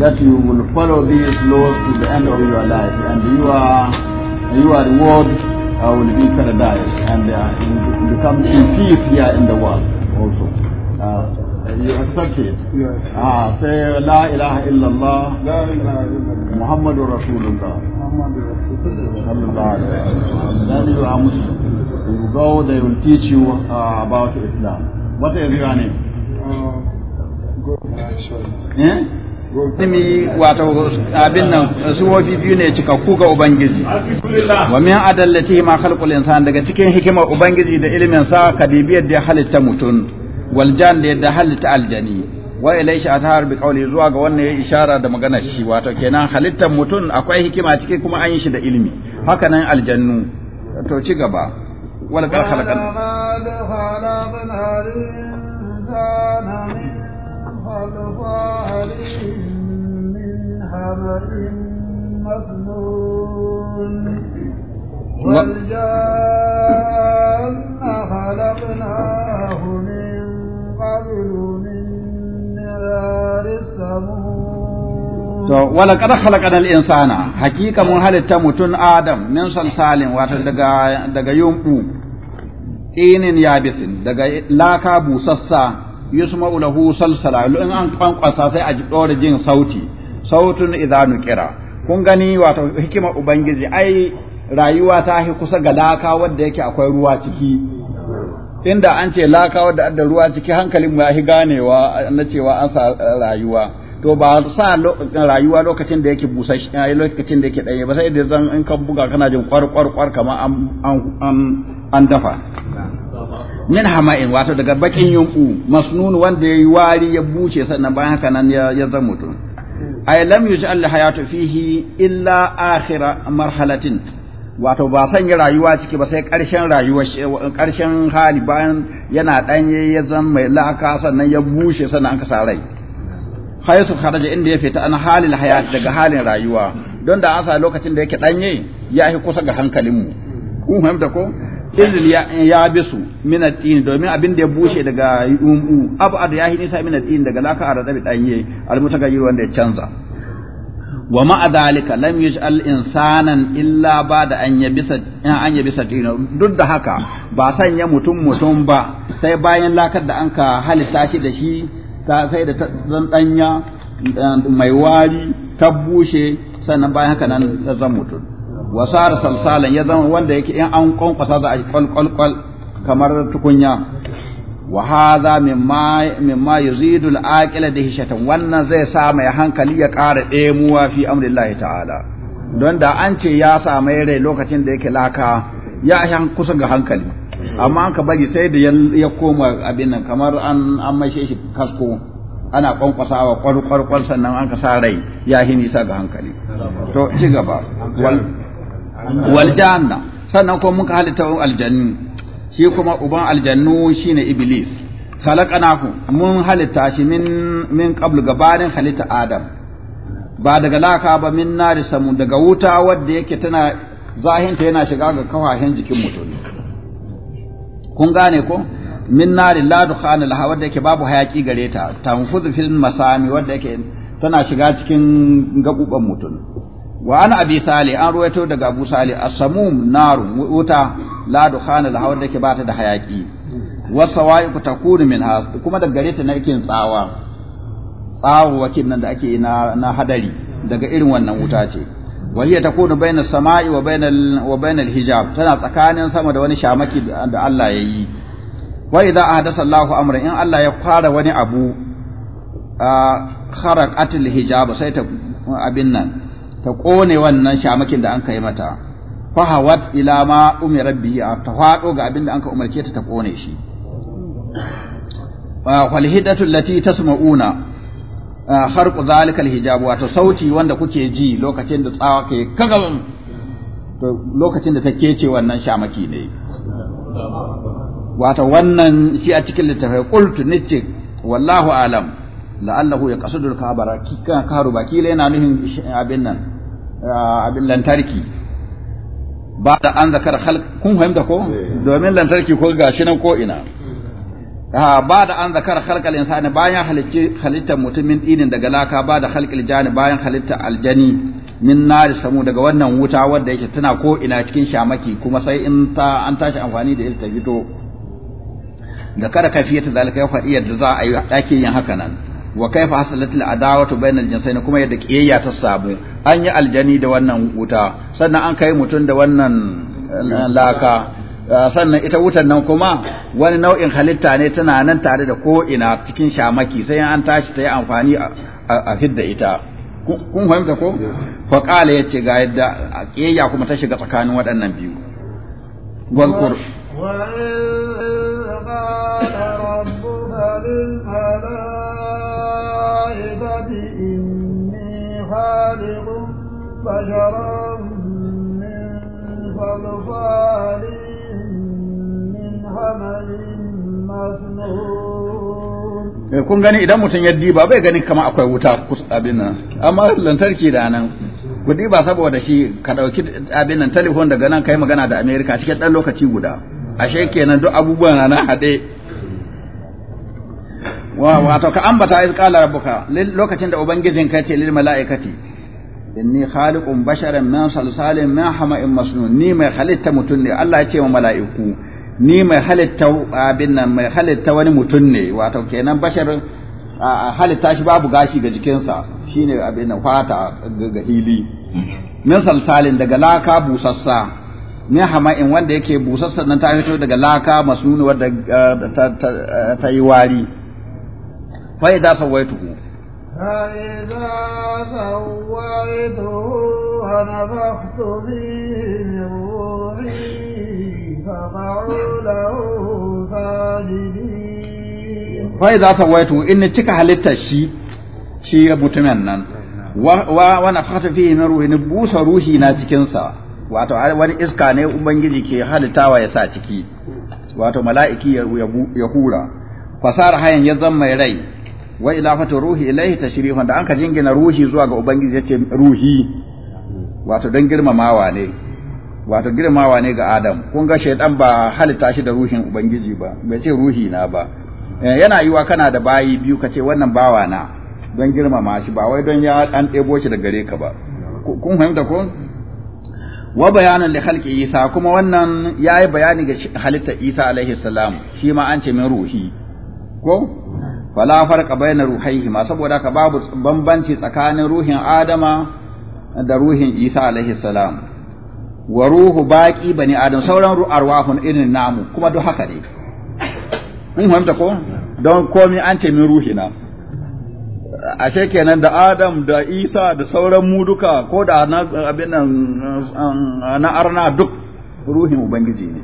that you will follow these laws to the end of your life, and you are your reward uh, will be paradise, and uh, become in peace here in the world also. Uh, you accept it. Yes. Uh, say La ilaha illallah. La Muhammadur Rasulullah. Muhammadur Rasulullah. Sallallahu Then you are Muslim. you go, they will teach you Islam. What is your name? Eh? Eh? Nimi wato abin nan suwofi biyu ne cikakku ga Ubangiji. Wa min adallati ma khalqul insan daga cikin hikimar Ubangiji da ilimin sa kadibiyar da halitta mutun wal jan da yadda halitta aljani wa a athar bi qawli zuwa ga wannan ya ishara da maganar shi wato kenan halittar mutun akwai hikima cike kuma an yi shi da ilimi haka nan aljannu to ci gaba ولقد خلقنا خلقناه من قبل من نار wala kada halakana al-insana hakika mun halitta mutun adam min salsalin daga daga yumbu tinin yabisin daga laka busassa yusma'u lahu salsala in an kwankwasa sai a ɗora jin sauti sautun idza kira kun gani wato hikima ubangiji ai rayuwa ta hi kusa ga laka wanda yake akwai ruwa ciki inda an ce laka wanda adda ruwa ciki hankalin mu ya hi ganewa na cewa an sa rayuwa to ba sa rayuwa lokacin da yake busasshe lokacin da yake ɗanye ba sai da zan in ka buga kana jin kwar kwar kwar kamar an an dafa min hama'in wato daga bakin yunku masnun wanda yayi wari ya buce sannan bayan haka nan ya zama mutum ay lam yuj'al hayatu fihi illa akhira marhalatin wato ba sanya rayuwa ciki ba sai karshen rayuwa karshen hali bayan yana danye ya zama mai laka sannan ya bushe sannan aka sa rai haisu kharaja inda ya fita an halil hayat daga halin rayuwa don da an sa lokacin da yake danye ya yi kusa ga hankalinmu kun fahimta ko izil ya bisu min domin abin da ya bushe daga yumu abad ya hinisa min at-tin daga laka a radabi danye almutagayyir wanda ya canza wa ma dhalika lam yaj'al insanan illa ba'da an yabisa an yabisa duk da haka ba sanya mutum mutum ba sai bayan lakar da anka halitta shi da shi ta sai da dan danya eh, mai wari ta bushe sannan bayan haka nan zan mutum wa sar salsalan ya zama wanda yake in an kwankwasa za a yi kwalkwalkwal kamar tukunya wa hadha mimma mimma yuzidu al-aqila dihshatan wannan zai sa mai hankali ya ƙara ɗemuwa fi amrillahi ta'ala don da an ce ya samu rai lokacin da yake laka ya yi kusa ga hankali amma an ka bari sai da ya koma abin nan kamar an an mai shi kasko ana kwankwasawa kwarkwarkwar sannan an ka sa rai ya yi nisa ga hankali to ci gaba waljanna sannan kuma muka halitta aljannu shi kuma uban aljannu shine iblis khalaqanahu mun halitta shi min min qabl gabanin halitta adam ba daga laka ba min nari samu daga wuta wadda yake tana zahinta yana shiga ga kawahin jikin mutum kun gane ko min nari la dukhana laha wadda yake babu hayaki gare ta tanfudu fil masami wadda yake tana shiga cikin gabuban mutum wa ana abi sali an ruwaito daga abu sali asamum samum narun wuta la dukhana la hawa dake bata da hayaki wa sawa'iqu takunu min has kuma daga gare na yake tsawa tsawo wakin nan da ake na na hadari daga irin wannan wuta ce wa hiya takunu bainas sama'i wa bainal wa bainal hijab tana tsakanin sama da wani shamaki da Allah ya yayi wa idza ahdasa Allahu amra in Allah ya fara wani abu kharaqatil hijab sai ta abin nan ta ƙone wannan shamakin da an ka yi mata fahawat ila ma umira biya ta haɗo ga abin da an ka umarce ta ta ƙone shi wal hiddatu allati tasma'una harqu zalika alhijab wato sauti wanda kuke ji lokacin da tsawa ke kagal lokacin da ta kece wannan shamaki ne Wata wannan shi a cikin littafai qultu nitik wallahu alam la'allahu ya qasadu al-kabara Karu ba kila yana nufin abin nan ah, abin lantarki ba da an zakar khalq kun fahimta ko eh. domin lantarki ko gashi nan ko ina ah, ba da an zakar khalqal insani bayan halicci halittar mutumin dinin daga laka ba da khalqil jani bayan halitta aljani min nari samu daga wannan wuta wadda yake tana ko ina cikin shamaki kuma sai in ta an tashi amfani da ita ta fito da kada kafiyata zalika ya faɗi yadda za a yi ɗakin yin haka nan wa kaifa al adawatu bainal jinsayn kuma yadda kiyayya ta sabu an yi aljani da wannan wuta sannan an kai mutun da wannan eh, laka eh, sannan ita wutan nan kuma wani nau'in halitta ne tana nan tare da ko ina cikin shamaki sai an tashi ta yi amfani a fidda ita kun fahimta ko fa qala yace ga yadda kiyayya kuma ta shiga tsakanin waɗannan biyu wa qala lil خالق بشرا من من حمل مسنون eh, kun gani idan mutum ya diba bai gani kama akwai wuta abin nan amma lantarki da nan ku diba saboda shi ka ɗauki abin nan telefon daga nan kai magana da amerika cikin ɗan lokaci guda ashe kenan duk abubuwan na haɗe wato ka ambata iz qala rabbuka lokacin da ubangijin ka ce lil malaikati inni khaliqun basharan min salsalin min hama'in masnun ni mai halitta mutun ne Allah ya ce wa mala'iku ni mai halitta abin nan mai halitta wani mutun ne wato kenan bashar halitta shi babu gashi ga jikinsa shine abin nan fata ga hili min salsalin daga laka busassa min hama'in wanda yake busassa nan ta fito daga laka masnun wadda eh, ta yi wari fa idza sawaituhu fa idza sawaituhu hanafakhtu lahu sajidin fa idza sawaituhu in cika halitta shi shi mutumin nan wa wa nafakhtu fihi min ruhi busa ruhi na cikin sa wato wani iska ne ubangiji ke halittawa ya sa ciki wato mala'iki ya hura fasar hayan ya zama rai wa ilafatu ruhi ilaihi tashrifan da anka jingina ruhi zuwa ga ubangiji yace ruhi wato dan girmamawa ne wato girmamawa ne ga adam kun ga shaytan ba halitta shi da ruhin ubangiji ba bai ce ruhi na ba eh, yana yiwa kana da bayi biyu kace wannan bawa na don girmama shi ba wai don ya an ɗebo shi da gare ka ba kun fahimta ko wa bayanan li khalqi isa kuma wannan yayi bayani ga halitta isa alaihi salam shi ma an ce min ruhi ko wala farqa bayna ruhaihima saboda ka babu bambanci tsakanin ruhin adama da ruhin isa alaihi salam wa ruhu baqi bani adam sauran arwahun irin namu kuma duk haka ne Mun fahimta ko don komai an ce min ruhina ashe kenan da adam da isa da sauran mu duka ko da na abin nan na arna duk ruhin ubangiji ne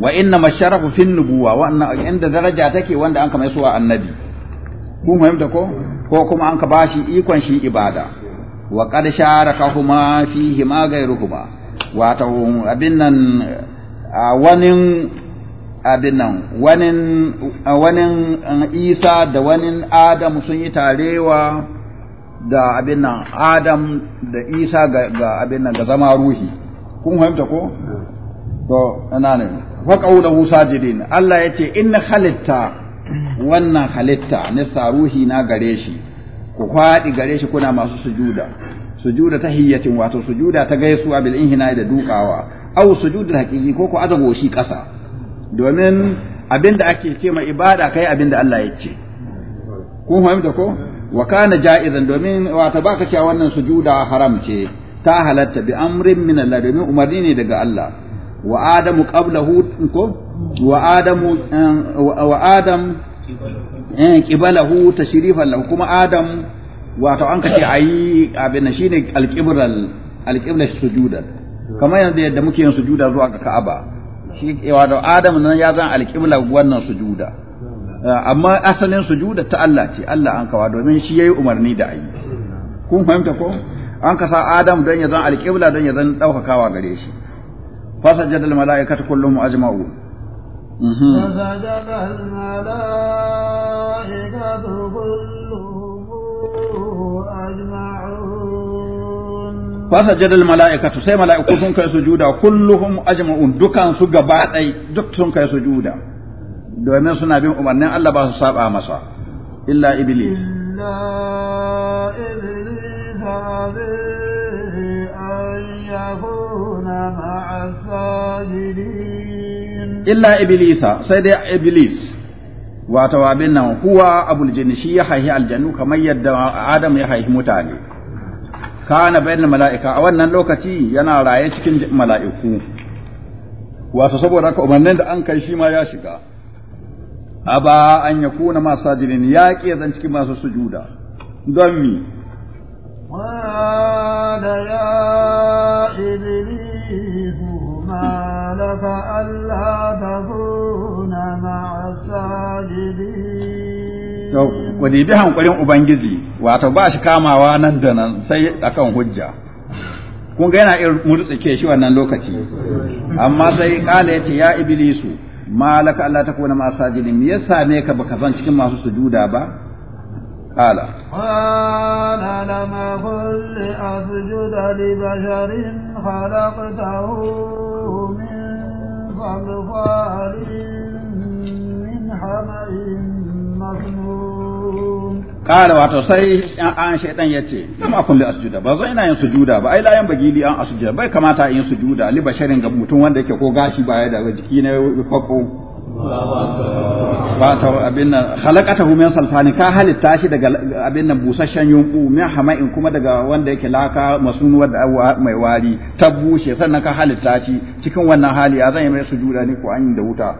wa inna masharafu fin nubuwa wannan inda daraja take wanda an kama suwa annabi kun fahimta ko ko kuma an ka bashi ikon shi ibada wa qad sharakahuma fihi ma ghayruhuma wa ta abinnan wanin abinnan wanin wanin Isa da wanin Adam sun yi tarewa da abin nan Adam da Isa ga abin nan ga zama ruhi kun fahimta ko to ina ne wa qawluhu sajidin Allah yace inna halitta wannan halitta na saruhi na gare shi ku faɗi gare shi kuna masu sujuda sujuda tahiyyatin wato sujuda ta gaisuwa bil inhina da dukawa aw sujuda haqiqi ko ku azago shi ƙasa domin abinda ake ce ma ibada kai abinda Allah ya ce kun fahimta ko wa kana ja'izan domin wato baka cewa wannan sujuda haram ce ta halatta bi amrin min Allah domin umarni ne daga Allah wa adamu qablahu ko wa adamu eh, wa adam eh, qibalahu tashrifan lahu kuma adam wato an kace ayi abin shine alqibral alqibla sujudan kama yanzu yadda muke yin sujuda zuwa ga Ka'aba shi wato adam nan ya zan alqibla wannan sujuda eh, amma asalin sujuda ta Allah ce Allah an kawa domin shi yayi umarni da ayi kun fahimta ko an kasa adam don ya zan alqibla don ya zan daukakawa gare shi فسجد الملائكة كلهم أجمعون فسجد الملائكة كلهم أجمعون فسجد الملائكة سي ملائكة سنك سجودا كلهم أجمعون دكان سجا بعد أي دك سنك سجودا domin suna bin umarnin Allah ba su saba masa illa iblis illa iblis Illa مع sai dai إبليس سيد إبليس wato abin nan huwa abul jinn shi ya haihi aljannu kamar yadda Adamu ya haihi mutane kana bayan mala'ika a wannan lokaci yana raye cikin mala'iku wato saboda haka umarnin da an kai shi ma ya shiga aba an yakuna masajidin ya zan cikin masu sujuda don mi قال يا إبليس ما لك ألا تكون مع الساجدين bi hankulin Ubangiji wato ba shi kamawa nan da nan sai akan hujja kun ga yana irin murtsike shi wannan lokaci amma sai kala ya ce ya iblisu malaka Allah ta kona masajidin me yasa same ka baka zan cikin masu sujuda ba قال قال لم أكن لأسجد لبشر ya ce lam akun li asjuda ba yi ina yin sujuda ba ai la yan bagi li an asjuda bai kamata in sujuda li basharin ga mutum wanda yake ko gashi baya daga jiki ne ko wato abin nan khalaqatahu min salfani ka halitta shi daga abin nan busasshen yunku min hama'in kuma daga wanda yake laka masunuwa da mai wari ta bushe sannan ka halitta shi cikin wannan hali ya zan yi mai sujuda ne ko an da wuta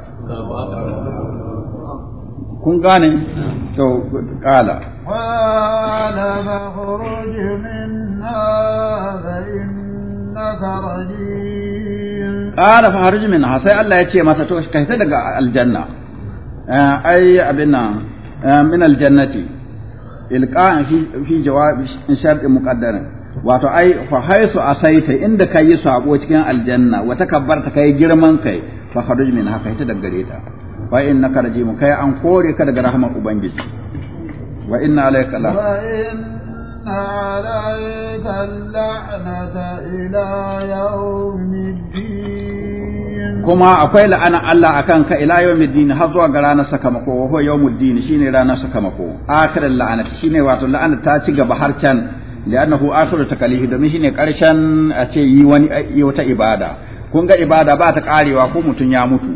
kun gane to kala ma fakhruj minha fa innaka rajim qala fa harij minha sai Allah ya ce masa to ka fita daga aljanna ai abin nan min aljannati ilqa'an fi fi jawab shart muqaddar wato ai fa haisu asaita inda kai sabo cikin aljanna wa takabbarta kai girman kai fa harij minha ka fita daga gare ta wa innaka rajim kai an kore ka daga rahmar ubangiji wa inna alayka la عليك اللعنة إلى يوم الدين kuma akwai la'anar Allah akan ka ila yawmid din har zuwa ga ranar sakamako wa yau mu din shine ranar sakamako la'anar shi shine wato la'anar ta ci gaba har can li'annahu ta takalihi domin shine karshen a ce yi wani wata ibada kun ga ibada ba ta karewa ko mutum ya mutu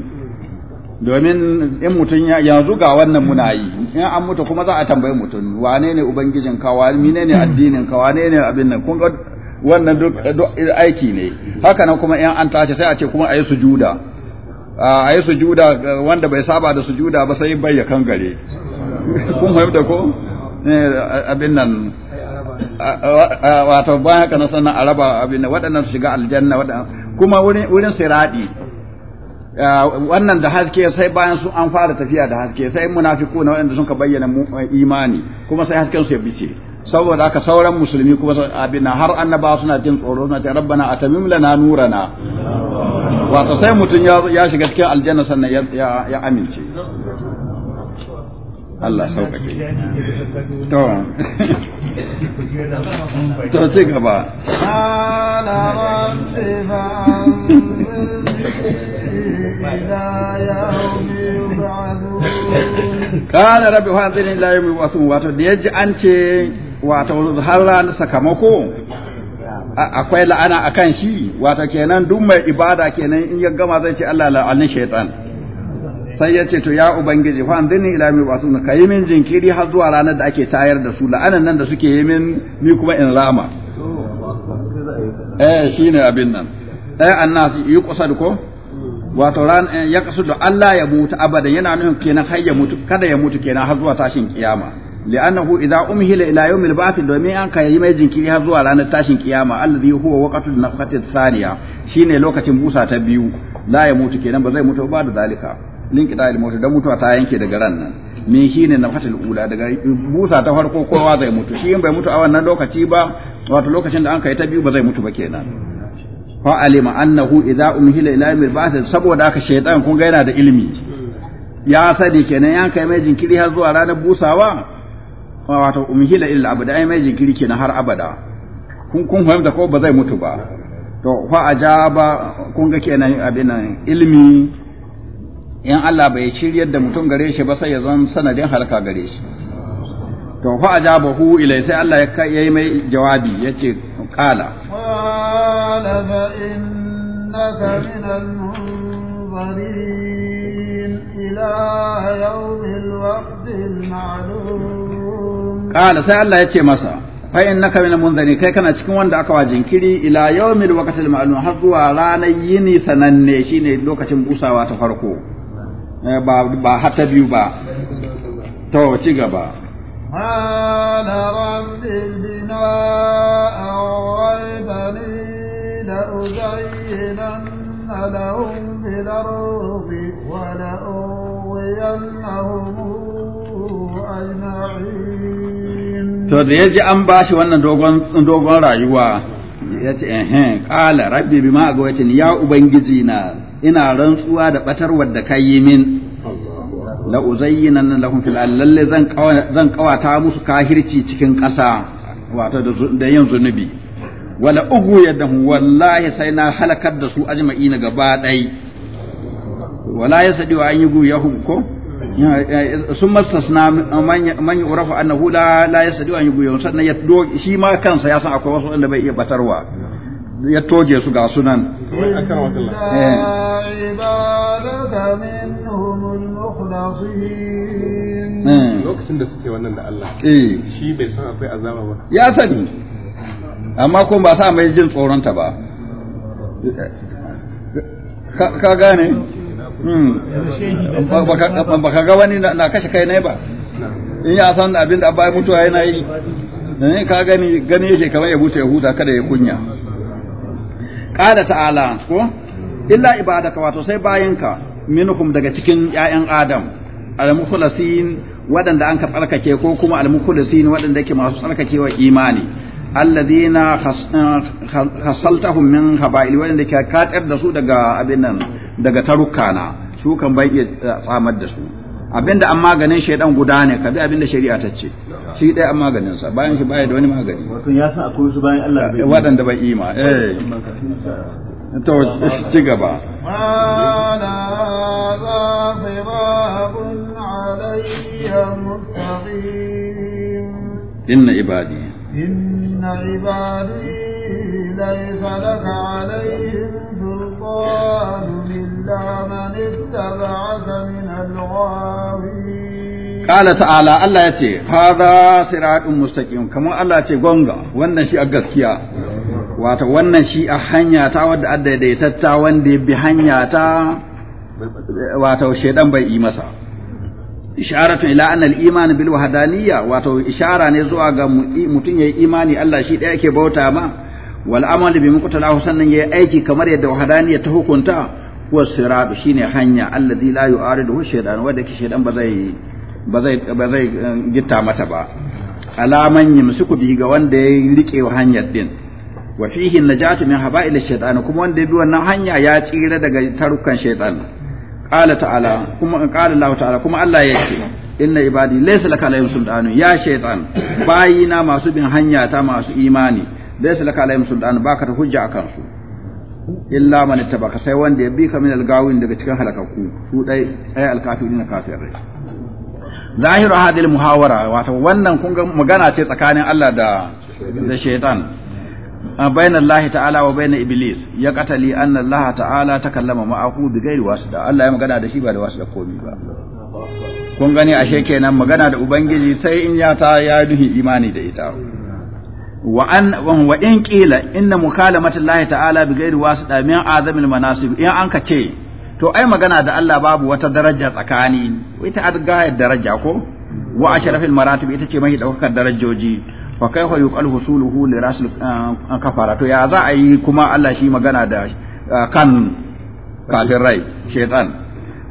domin in mutum ya yanzu ga wannan muna yi in an mutu kuma za a tambayi mutum wane ne ubangijin ka wane ne addinin ka wane ne abin nan wannan duk aiki ne haka nan kuma in an tashi sai a ce kuma a yi sujuda a yi sujuda wanda bai saba da sujuda ba sai bai ya kan gare kun fahimta ko eh, abin nan wato bayan haka na sannan a raba abin waɗannan su shiga aljanna waɗannan kuma wurin siradi wannan da haske sai bayan su an fara tafiya da haske sai munafiku na waɗanda sun ka bayyana imani kuma sai hasken su ya bice saboda haka sauran musulmi kuma abin har annaba suna jin tsoro na ce rabbana atamim lana nurana wato sai mutum ya shiga cikin aljanna sannan ya amince Allah sauƙaƙe to to ci gaba kana rabbi fa'anzini ila yawmi wa wato da yaji an ce wato har ranar sakamako akwai la'ana a kan shi wato kenan duk mai ibada kenan in ya gama zai ce Allah la'anin shaitan sai ya ce to ya ubangiji fa andini ila mi wasu ka yi min jinkiri har zuwa ranar da ake tayar da su la'anan nan da suke yi min ni kuma in rama eh shine abin nan eh annasi yi kusa ko wato ran eh, ya kasu da Allah ya mutu abada yana nufin kenan har ya mutu kada ya mutu kenan har zuwa tashin kiyama li'annahu idza umhila ila yawm al-ba'th domin an kai mai jinkiri zuwa ranar tashin kiyama alladhi huwa waqtu nafhati thaniya shine ta biyu la ya mutu kenan ba zai mutu ba da zalika linki da al-maut da mutuwa ta yanke daga ran nan min shine nafhatul ula daga busa ta farko kowa zai mutu shi in bai mutu a wannan lokaci ba wato lokacin an kai ta biyu ba zai mutu ba kenan fa alima annahu idza umhila ila yawm al saboda aka shaytan kun ga yana da ilimi ya sani kenan yan kai mai jinkiri har zuwa ranar busawa wato umhila illa abada ai mai jinkiri kenan har abada kun kun fahimta ko ba zai mutu ba to fa ajaba kun ga kenan abin nan ilmi in Allah bai shiryar da mutum gare shi ba sai ya zama sanadin halaka gare shi to fa hu ilai sai Allah ya yayi mai jawabi yace qala qala fa innaka min al-munzirin ila yawmil waqtil ma'lum kala sai Allah ya ce masa fa innaka min munzari kai kana cikin wanda aka wajinkiri jinkiri ila yawmil waqtil ma'lum har zuwa ranar yini sananne shine lokacin busawa ta farko eh, ba ba hata biyu ba to ci gaba قال رب بما أغويتني da لهم في الأرض to da ya ji an ba shi wannan dogon rayuwa ya ce ehen ƙala rabbi bi ma ga wacin ya ubangiji na ina rantsuwa da batar wadda ka yi min la uzayyinan lahum fil lalle zan zan kawata musu kahirci cikin kasa wato da yin zunubi wala ugu yadahu wallahi sai na halakar da su ajma'ina gaba dai wala yasadi wa an yugu yahum ko sun mastasna man yi urafa annahu la la yasdi an yuguyon sannan ya shi ma kansa ya san akwai wasu wanda bai iya batarwa ya toje su ga sunan eh. lokacin da suke wannan da Allah eh. shi bai san akwai azaba ba ya sani amma kuma ba sa mai jin tsoronta ba ka gane Hmm. ba ga wani na kashe kai ne ba in ya san abin da mutuwa yana yi ne eh, ka gani gani yake kamar ya buce ya huta kada ya kunya qala ta'ala ko illa ibadaka wato sai bayanka minhum daga cikin ƴaƴan adam al-mukhlasin waɗanda an ka tsarkake ko kuma al-mukhlasin waɗanda yake masu tsarkakewa imani alladhina khasaltahum min khaba'il wanda ka katar da su daga abin nan daga tarukana su kan bai iya tsamar da su abinda an maganin shaidan guda ne kabi abinda shari'a ta ce shi dai an maganin sa bayan shi baya da wani magani wato ya san akwai su bayan Allah bai wadanda bai ima eh to ci gaba ala zafirabun alayya muttaqin inna ibadi إن عبادي ليس لك عليهم سلطان إلا من اتبعك من الغاوين قال تعالى الله يتي هذا صراط مستقيم كما الله يتي غونغا wannan shi a gaskiya wato wannan shi a hanya ta wadda adda daidaitatta wanda bi hanya ta wato shedan bai yi masa isharatu ila anna al-iman bil wahdaniyya wato ishara ne zuwa ga mutum yayi imani Allah shi ɗaya yake bauta ma wal amal bi muqtalahu sannan yayi aiki kamar yadda wahdaniyya ta hukunta huwa sirat shine hanya alladhi la yu'aridu shaytan wanda ke shaytan ba zai ba zai ba zai eh, gitta mata ba alaman yimsuku bi ga wanda ya rike hanyar din wa fihi najatu min haba'il shaytan kuma wanda ya bi wannan hanya ya tsira daga tarukan shaytan qala ta'ala kuma qala Allah ta'ala kuma Allah ya ce inna ibadi laysa laka alayhim sultanu ya shaytan bayina masu bin hanya ta masu imani laysa laka alayhim sultanu baka ta hujja akan su illa man ittabaka sai wanda ya bi ka min algawin daga cikin halakakku su dai ay alkafirin kafirai zahiru hadhihi almuhawara wato wannan kun ga magana ce tsakanin Allah da da shaytan bayan Allah ta'ala wa bayan iblis ya katali anna Allah ta'ala ta kallama ma'ahu bi gairi wasda Allah ya magana da shi ba da wasda komi ba kun gani ashe kenan magana da ubangiji sai in ya ta ya duhi imani da ita wa an wa in qila inna mukalamata Allah ta'ala bi gairi wasda min azamil manasib in anka ce to ai magana da Allah babu wata daraja tsakani ita adga daraja ko wa ashrafil maratib ita ce mai daukar darajoji fa kaifa yuqal husuluhu li rasul ah, ah, kafara to ya za a yi kuma Allah shi magana da ah, kan kafin rai shaytan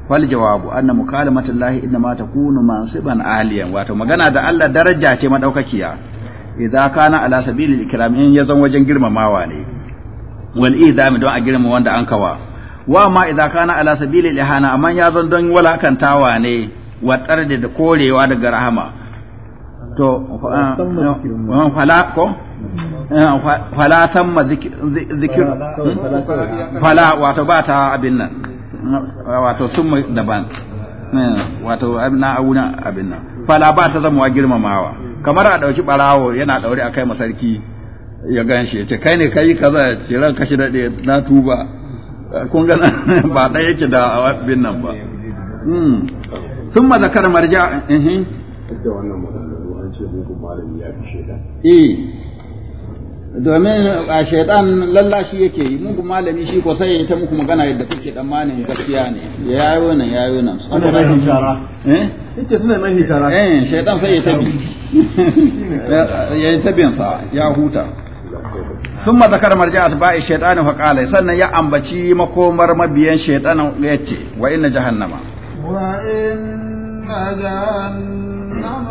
fal jawabu anna mukalamatu llahi inma takunu mansiban aliyan wato magana da Allah daraja ce madaukakiya idza kana ala sabili ikram in yazan wajen girmamawa ne wal idami don a girma wanda an kawa wa ma idza kana ala sabili ihana amma yazan don walakantawa ne wa tarde da korewa daga rahama to ah, fala ko ah, fala samma zikir hmm? fala wato ba ta abin nan ah, wato summa daban wato na auna abin nan fala ba ta zama girmamawa kamar a dauki barawo yana ɗaure a kai masarki ya gan shi ya ce kai ne kai yi kaza ce ran kashi daɗe na tuba kun ga ba ɗaya yake da abin nan ba hmm. sun mazakar zakar marja eh, eh. da wannan mugun malami ya fi shaidan eh domin a shaidan lallashi yake yi mugun malami shi ko sai ta muku magana yadda kuke mani gaskiya ne ya yayo nan ya yayo nan ana mai hijara eh yace suna mai hijara eh shaidan sai ya tabi ya yi tabin ya huta ثم ذكر مرجع اتباع ya Wa ina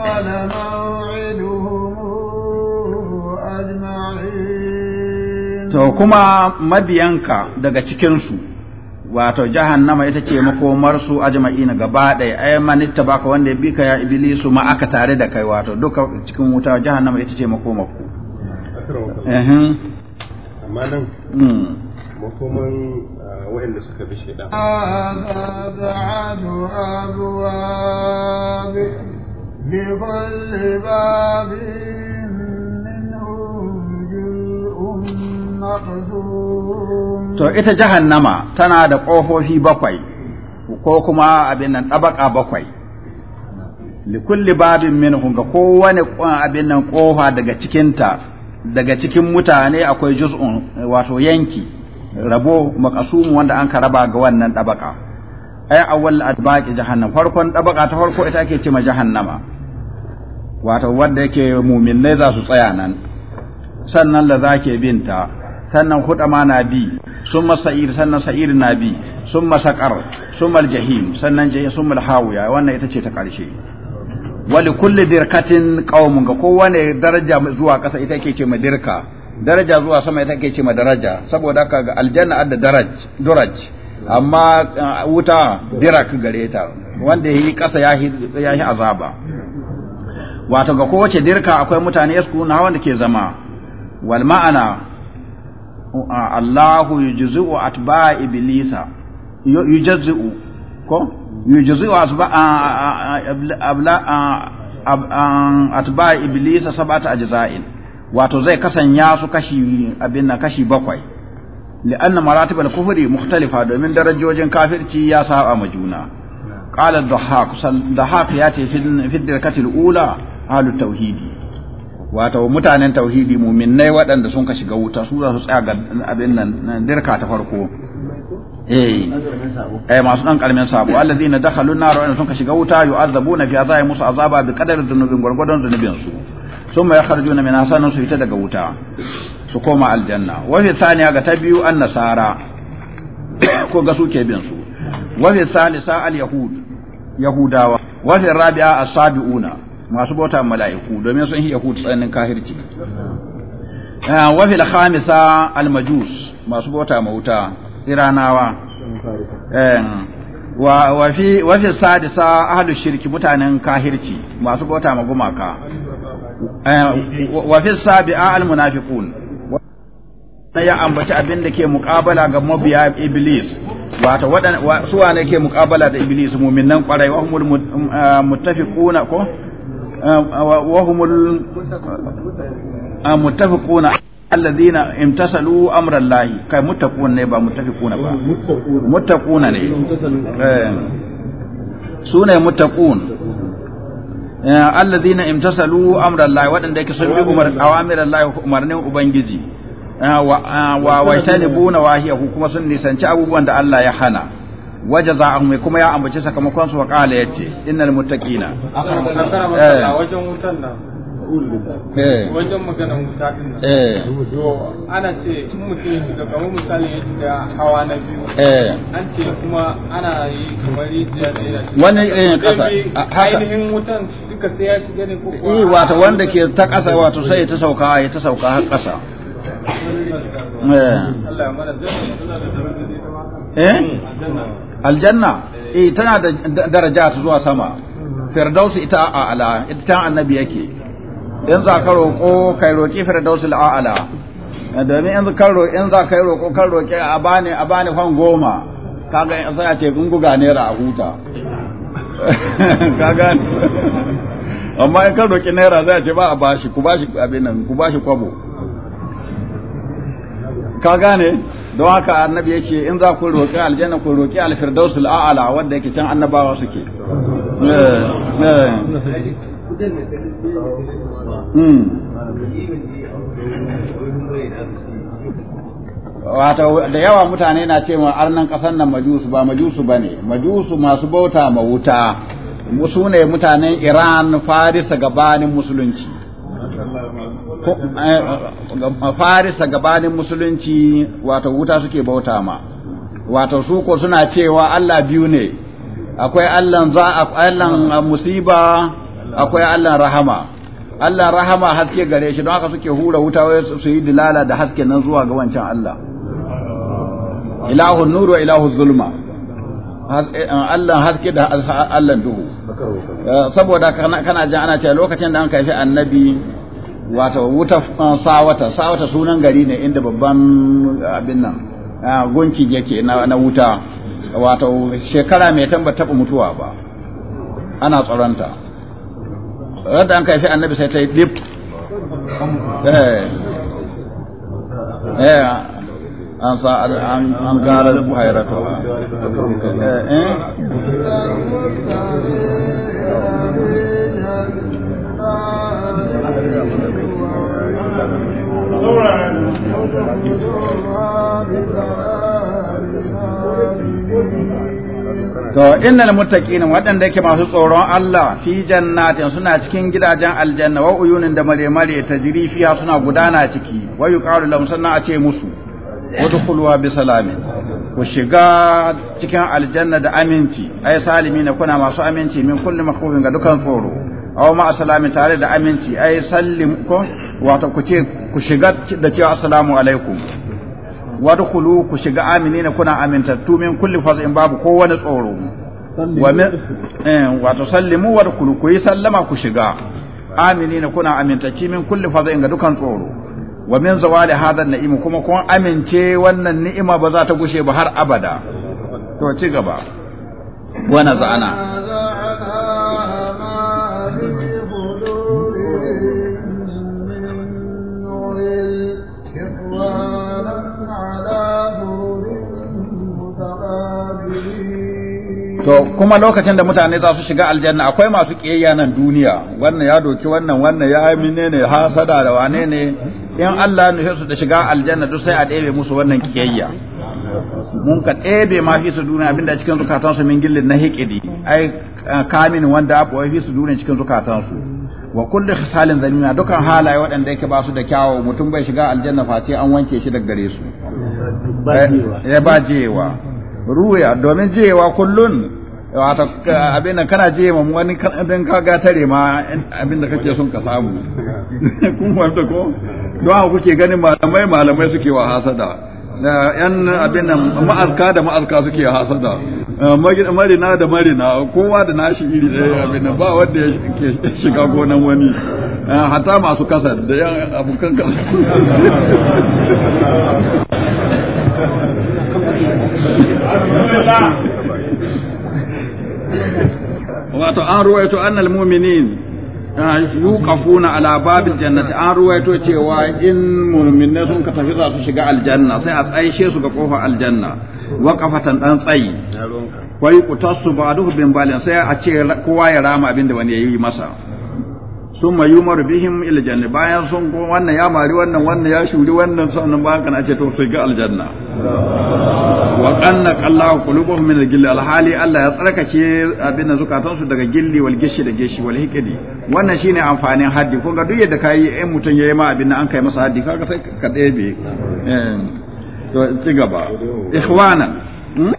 وقد موعدهم أجمعين to kuma mabiyanka daga cikinsu wato jahannama ita ce makomarsu ajma'ina gaba ɗaya ai man baka wanda ya bi ka ya iblisu ma aka tare da kai wato duka cikin wuta jahannama ita ce ku eh amma nan hmm. makoman ah, waɗanda suka bi shaidan لكل باب to ita jahannama tana da ƙofofi bakwai ko kuma abin nan ɗabaƙa bakwai likulli babin minhum ga kowane abin nan ƙofa daga cikinta daga cikin mutane akwai juz'un wato yanki rabo makasumu wanda an ka raba ga wannan ɗabaƙa ai awwal adbaqi jahannam farkon dabaka ta farko ita ake ce ma jahannama wato wanda yake ne za su tsaya nan sannan da zake binta sannan hudama na bi summa sa'ir sannan sa'ir na bi summa saqar summa aljahim sannan jahim summa alhawiya wannan ita ce ta karshe wali kulli dirkatin qaumun ga kowane daraja zuwa kasa ita ake ce dirka daraja zuwa sama ita ake ce daraja saboda haka ga aljanna adda daraj duraj amma uh, wuta dirak gare ta wanda yi kasa ya yi azaba wato ga kowace dirka akwai mutane yasku na wanda ke zama wal ma'ana uh, Allahu yujzi'u atba iblisa yujzi'u ko yujzi'u asba uh, abla atba iblisa sab'ata ajza'in wato zai kasanya su kashi abin na kashi bakwai li'anna maratib al-kufri mukhtalifa domin darajojin kafirci ya saba ma juna qala ad-dhahhak dhahhak ya ce fi dirkatil ula ahlut tauhidi wato mutanen tauhidi mu'minnai waɗanda sun ka shiga wuta su za tsaya ga abin nan dirka ta farko eh eh masu dan kalmen sabo allazina dakhalu nar wa sun ka shiga wuta yu'azzabuna fi azabi musu azaba bi qadari dhunubin gurgudan dhunubin su summa yakhrujuna min hasanin daga wuta su koma aljanna wafi saniya ga ta biyu an nasara ko ga suke bin su wafi salisa al yahud yahudawa wafi rabi'a as-sabiuna masu bauta mala'iku domin sun yi yahud tsanin kahirci ah, wafi al khamisa al majus masu bauta mauta iranawa eh, wa wafi wafi sadisa ahlu shirki mutanen kahirci masu bauta magumaka eh, wafi sabi'a al munafiqun na ya ambaci abin da ke mukabala ga mabiya iblis wato waɗanda su wane ke mukabala da iblis muminan wa humul uh, muttafiquna ko uh, humul uh, muttafiquna alladhina imtasalu amra llahi kai muttaqun ne ba muttafiquna ba muttaquna ne eh. sune muttaqun alladhina imtasalu amra llahi waɗanda ke sun bi umar awamir allahi umarnin ubangiji wa wajtanibuna wahiyahu kuma sun nisanci abubuwan da Allah ya hana waje mai kuma ya ambaci sakamakon su wa ya ce innal muttaqina a wajen wutan nan wajen magana wuta din nan ana ce in mutum ya shiga kamar misali ya shiga hawa na biyu an ce kuma ana yi kamar yadda da shiga wani kasa ainihin wutan duka sai ya shiga ne ko kuwa wato wanda ke ta kasa wato sai ya ta sauka ya ta sauka har kasa Eh? Eh? aljanna eh tana da daraja ta zuwa sama firdaus ita a'ala ita ta annabi yake in za ka roƙo kai roƙi firdaus al'ala eh, domin in ka roƙi in za ka roƙo kan roƙi a bani a bani fan goma kaga sai a ce in guga naira a huta kaga amma in ka roƙi naira za a ce ba a bashi ku bashi abin nan ku bashi kwabo ka gane don haka annabi yake in za ku roki aljanna ku roki alfirdaus al'ala wanda yake can annabawa suke eh, eh. Hmm. wato da yawa mutane na ce arnan kasan nan majusu ba majusu ba ne majusu masu bauta ma wuta su ne mutanen iran farisa gabanin musulunci Eh, farisa gabanin musulunci wato wuta suke bauta ma wato su ko suna cewa Allah biyu ne akwai Allah za Allahn musiba akwai Allah rahama Allah rahama haske gare shi don haka suke hura wuta su yi dilala da haske nan zuwa ga wancan Allah ilahun nuru wa ilahun zulma eh, Allah haske da Allah duhu eh, saboda kana jan ana cewa lokacin da an kaifi annabi wato wuta uh, sawata sawata sunan gari ne inda babban uh, abin nan uh, gunki yake na wuta wato shekara mai tamba taɓa mutuwa ba ana tsoronta radda an kaifi annabi sai ta yi dip eh. eh, an sa an gara buhairatu eh eh To innal muttaqin waɗanda yake masu tsoron Allah fi jannatin suna cikin gidajen aljanna wa uyunin da mare mare tajri fiya suna gudana ciki wa yuqalu lahum sannan a ce musu udkhuluha bi salamin ku shiga cikin aljanna da aminci ai salimi na kuna masu aminci min kullum makhufin ga dukan tsoro aw ma asalami tare da aminci ai sallim ko wato ku ce ku shiga da cewa assalamu alaikum wadkhulu ku shiga aminina kuna amintattu min kulli fazin babu ko wani tsoro eh, wato sallimu wadkhulu ku yi sallama ku shiga aminina kuna amintacci min kulli fazin ga dukan tsoro wa min zawali hadha na'im kuma kun amince wannan ni'ima ba za ta gushe ba har abada to ci gaba wa nazana to kuma lokacin da mutane za su shiga aljanna akwai masu kiyayya nan duniya wannan ya doki wannan wannan ya amine ne hasada da wane ne in Allah ya nufi su da shiga aljanna duk sai a ɗebe musu wannan kiyayya mun ka ɗebe ma fi su duniya abinda cikin zukatan su min gillin na hikidi ai kamin wanda abu fi su duniya cikin zukatan su wa kullu khisalin zalimina dukan halaye waɗanda yake ba su da kyawu mutum bai shiga aljanna face an wanke shi daga gare su eh, ya ba jewa ruya domin jewa kullun wato abin da kana je mu wani dan ka ga tare ma abin da kake son ka samu kun wanda ko don haka kuke ganin malamai malamai suke wa hasada yan abin nan ma'azka da ma'azka suke hasada marina da marina kowa da nashi iri ɗaya abin nan ba wanda ke shiga gonan wani hata masu kasar da yan abokan kan Alhamdulillah wato an ruwaito annal mu'minin ah, yuqafuna ala babil jannati an ruwaito cewa in mu'minai sun ka tafi za su shiga aljanna sai a tsaishe su ga kofa aljanna waqafatan dan tsayi wai kutasu ba'duhu bin balin sai a ce kowa ya rama abinda da wani yayi masa sun mayu bihim ila janna bayan sun ko wannan ya mari wannan wannan ya shuri wannan sannan ba kana ce to sai ga aljanna wa qanna qallahu qulubuhum min al-gilli al-hali Allah ya tsarkake abin zukatan su daga gilli wal gishi da gishi wal hikidi wannan shine amfanin haddi kun ga duk yadda kai ai mutun yayi ma abin an kai masa haddi kaga sai ka ɗebe eh, to ci gaba ikhwana hmm?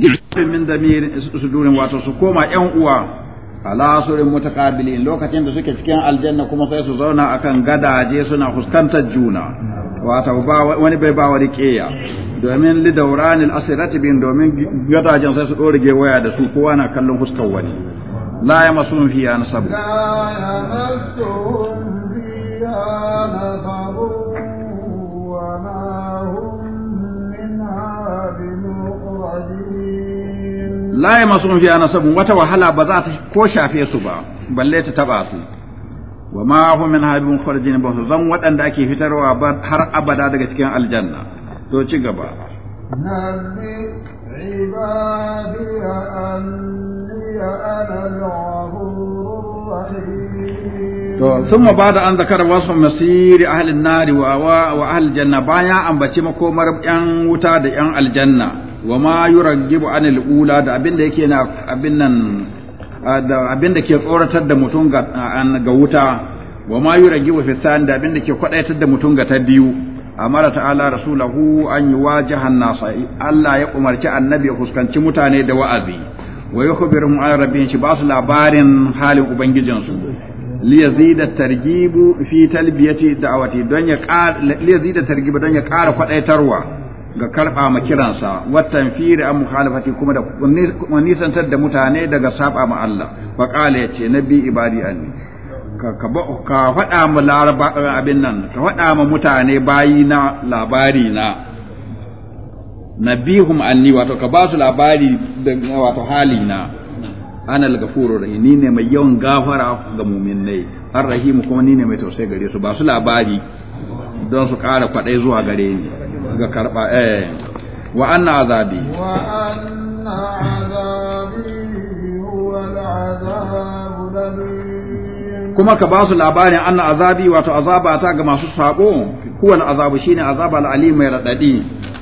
gilli min damir sudurin wato su koma ƴan uwa ala asurin mutakabilin lokacin da suke cikin aljanna kuma sai su zauna akan gadaje suna fuskantar juna wato ba wani bai ba wani keya domin li al asirati bin domin gadajen sai su dorige waya da su kowa na kallon fuskar wani la ya masun fiya la fiya nasabu la yi masu mafiya nasabin wata wahala ba za ta ko shafe su ba balle ta taba su wa ma hu min habibin kharijin ba su zan wadanda ake fitarwa har abada daga cikin aljanna to ci gaba nabi ibadi anni ana to sun ma bada an zakar wasu masiri ahalin nari wa wa ahalin janna baya ambace makomar yan wuta da yan aljanna wa ma yuragibu anil ula da abin da yake na abin nan da abin da ke tsoratar da mutum ga ga wuta wa ma yuragibu fi tsan da abin da ke kwadaitar da mutum ga ta biyu amara ta'ala rasulahu an yuwajiha an-nas Allah ya umarci annabi ya fuskanci mutane da wa'azi wa yukhbiruhum an rabbihim shi ba su labarin halin ubangijinsu liyazida targibu fi talbiyati da'awati don ya ƙara liyazida targibu don ya ƙara kwadaitarwa ga karfa ma kiransa watan firi an mukhalafati kuma da nisantar da mutane daga saba ma Allah fa qala yace nabi ibadi an ka ka fada ma laraba abin nan ka fada ma mutane bayi na labari na nabihum anni wato ka ba su labari wato hali na ana al-ghafuru rahim ni ne mai yawan gafara ga muminai ar-rahim kuma ni ne mai tausayi gare su ba su labari don su ƙara kwaɗai zuwa gare ni ga karɓa eh wa anna azabi kuma ka ba su labarin anna azabi wato azaba ta ga masu sako kuwan azabu shine azaba al'ali mai raɗaɗi.